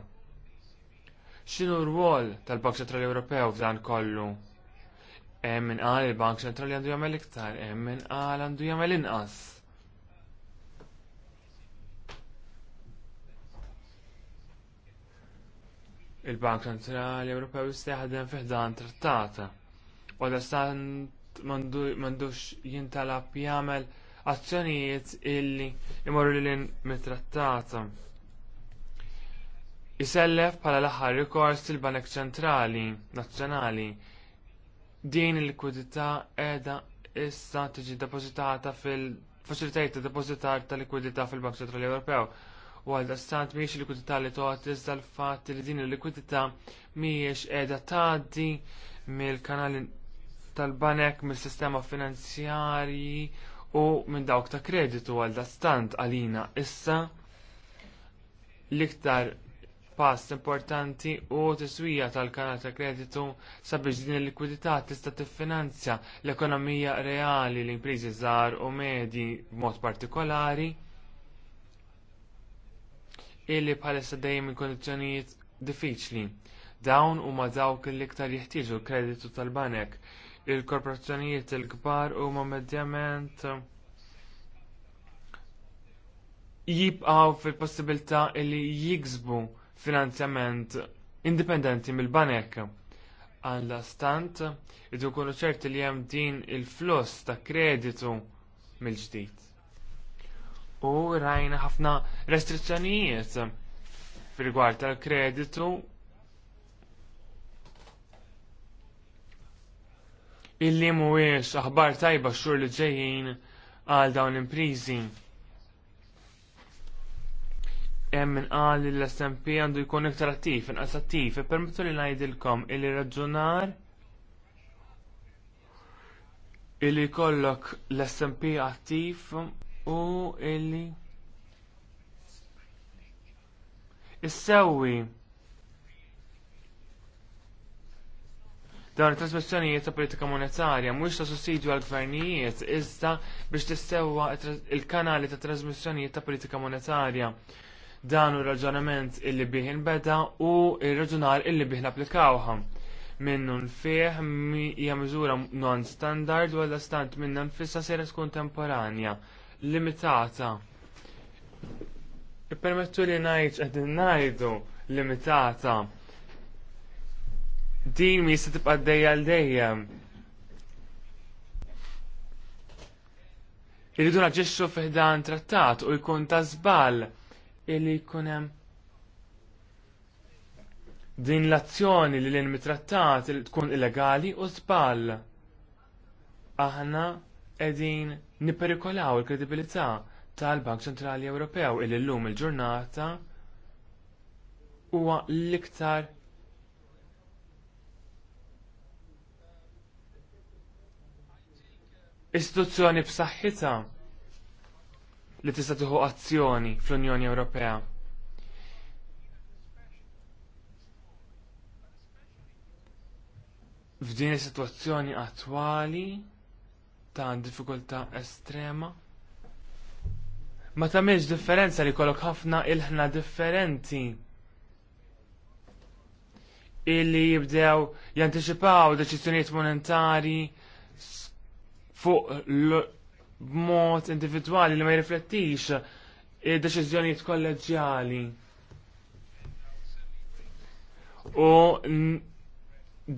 X'inhu r-rwol tal-Bank Ċentrali Ewropew f'dan kollu? Hemm min qal il-Bank Ċentrali għandu jagħmel iktar, hemm min qal għandu jagħmel inqas. Il-Bank Centrali Ewropew jistaħdem fiħdan trattata. U l-istant mandux jintalab jagħmel azzjonijiet illi imorru lil mit-trattata. Isellef bħala l-aħħar rikors il-Bank Ċentrali Nazzjonali din il-likwidità qiegħda issa tiġi depożitata fil-faċilitajiet ta' depożitar ta' likwidità fil-Bank Ċentrali Ewropew u għal stant miex il-likwidità li toqgħod iżda l-fatt li din il-likwidità mhijiex qiegħda tgħaddi mill-kanali tal-banek mill-sistema finanzjarji u minn dawk ta' kreditu għal stant għalina issa l-iktar pass importanti u tiswija tal-kanal ta' kreditu sabiex din il-likwidità tista' tiffinanzja l-ekonomija reali l-impriżi żgħar u medji b'mod partikolari illi bħalissa dejjem il diffiċli. Dawn huma dawk l-iktar jeħtieġu l-kreditu tal-banek. Il-korporazzjonijiet il-kbar huma medjament jibqgħu fil-possibilità li jiksbu finanzjament indipendenti mill-banek. Għalla stant, idu jkunu ċerti li hemm din il fluss ta' kreditu mill-ġdid u rajna ħafna restrizzjonijiet fil-rigward tal-kreditu illi mhuwiex aħbar tajba xhur li ġejjin għal dawn l-imprizi. Hemm min qal li l-SMP għandu jkun iktar attiv, inqas attiv, e permettu li ngħidilkom illi raġunar illi jkollok l-SMP attiv u illi issewwi dawn it-trasmissjonijiet ta' politika monetarja mhux ta' sussidju għall gvernijiet iżda biex tissewwa il-kanali ta' trasmissjonijiet ta' politika monetarja. Dan ir raġunament illi bih inbeda u r-raġunar illi bih napplikawha. Minnu nfih hija miżura non standard u għal stant minna nfissa sejra tkun temporanja limitata. Permettu li najċ għed najdu limitata. Din mi jista tibqa d-dejja l-dejjem. Irridu naġġixxu fiħdan trattat u jkun ta' żball illi jkun hemm din l-azzjoni li l-inmi trattat tkun illegali u żball. Aħna qegħdin nipperikolaw il-kredibilità tal-Bank Ċentrali Ewropew il llum il-ġurnata huwa l-iktar istituzzjoni b'saħħitha li tista' tieħu azzjoni fl-Unjoni Ewropea. F'din is-sitwazzjoni attwali ta' diffikulta estrema. Ma tagħmilx differenza li kolok ħafna ilħna differenti illi jibdew jantiċipaw deċiżjonijiet monetari fuq mod individwali li ma jirriflettix id-deċiżjonijiet kolleġjali. U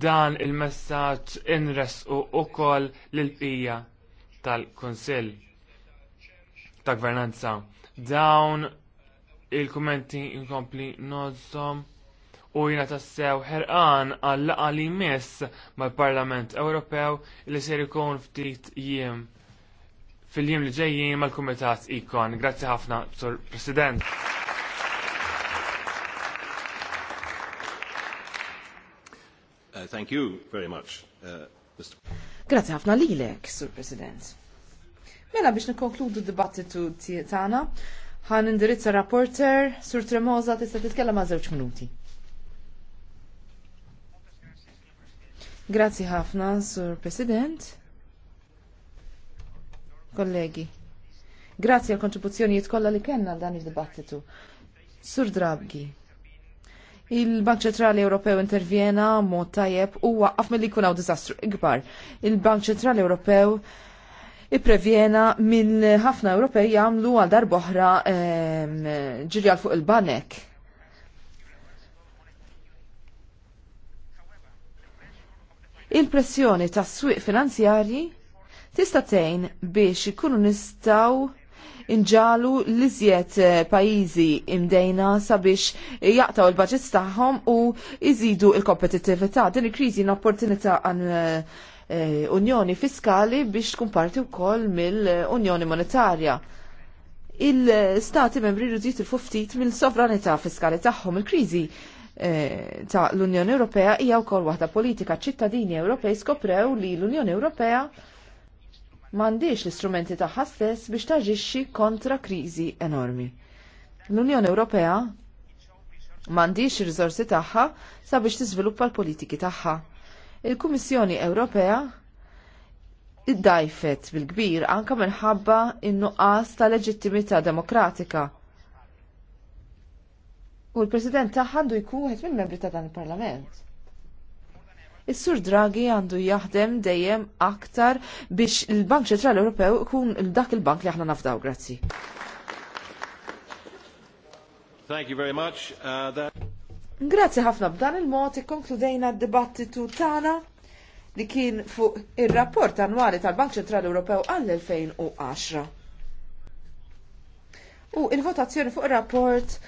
dan il-messaġġ inresqu wkoll l-bqija tal-Kunsill ta' Gvernanza. Dawn il-kummenti inkompli nozzom u jina tassew ħerqan għall laqgħa li jmiss mal-Parlament Ewropew li ser ikun ftit jiem fil-jiem li ġejjin mal-Kumitat Ikon. Grazzi ħafna, Sur President. Uh, thank you very much, uh, Mr. Grazie ħafna lilek, Sur President. Mela biex nikkonkludu dibattitu tagħna, ħan indirizza rapporter Sur Tremoza tista' titkellem ma' żewġ minuti. Grazzi ħafna, Sur President. Kollegi, grazzi għal kontribuzzjonijiet kollha li kellna għal dan id-dibattitu. Sur Drabgi, Il-Bank Ċentrali Ewropew intervjena mod tajjeb u waqqaf milli jkun hawn diżastru ikbar. Il-Bank Ċentrali Ewropew ipprevjena minn ħafna Ewropej jagħmlu għal darboħra ehm, ġirjal fuq il-banek. Il-pressjoni tas swieq finanzjarji tista' tgħin biex ikunu nistgħu inġalu l-iżjed eh, pajjiżi imdejna sabiex jaqtaw il-budgets tagħhom u jżidu il-kompetittività. Din il-kriżi hija opportunità għan eh, eh, unjoni fiskali biex tkun parti wkoll mill-Unjoni Monetarja il-stati membri rridu jitilfu ftit mill-sovranità fiskali tagħhom il-kriżi ta' l-Unjoni Ewropea hija wkoll waħda politika ċittadini Ewropej skoprew li l-Unjoni Ewropea m'għandix l-istrumenti tagħha stess biex taġixxi kontra kriżi enormi. L-Unjoni Ewropea m'għandix ir taħħa tagħha sabiex tiżviluppa l-politiki tagħha. Il-Kummissjoni Ewropea iddajfet bil-kbir anka minħabba in-nuqqas ta' leġittimità demokratika. U l-President taħħandu jkun minn mill-membri ta' dan il-Parlament. Is-Sur Draghi għandu jaħdem dejjem aktar biex il-Bank Ċentrali Ewropew ikun dak il-bank li aħna nafdaw. Grazzi. Thank you very much. Uh, that... Grazzi ħafna b'dan il-mod ikkonkludejna d-dibattitu tagħna li kien fuq ir-rapport annwali tal-Bank Ċentrali Ewropew għall-2010. U il-votazzjoni fuq ir-rapport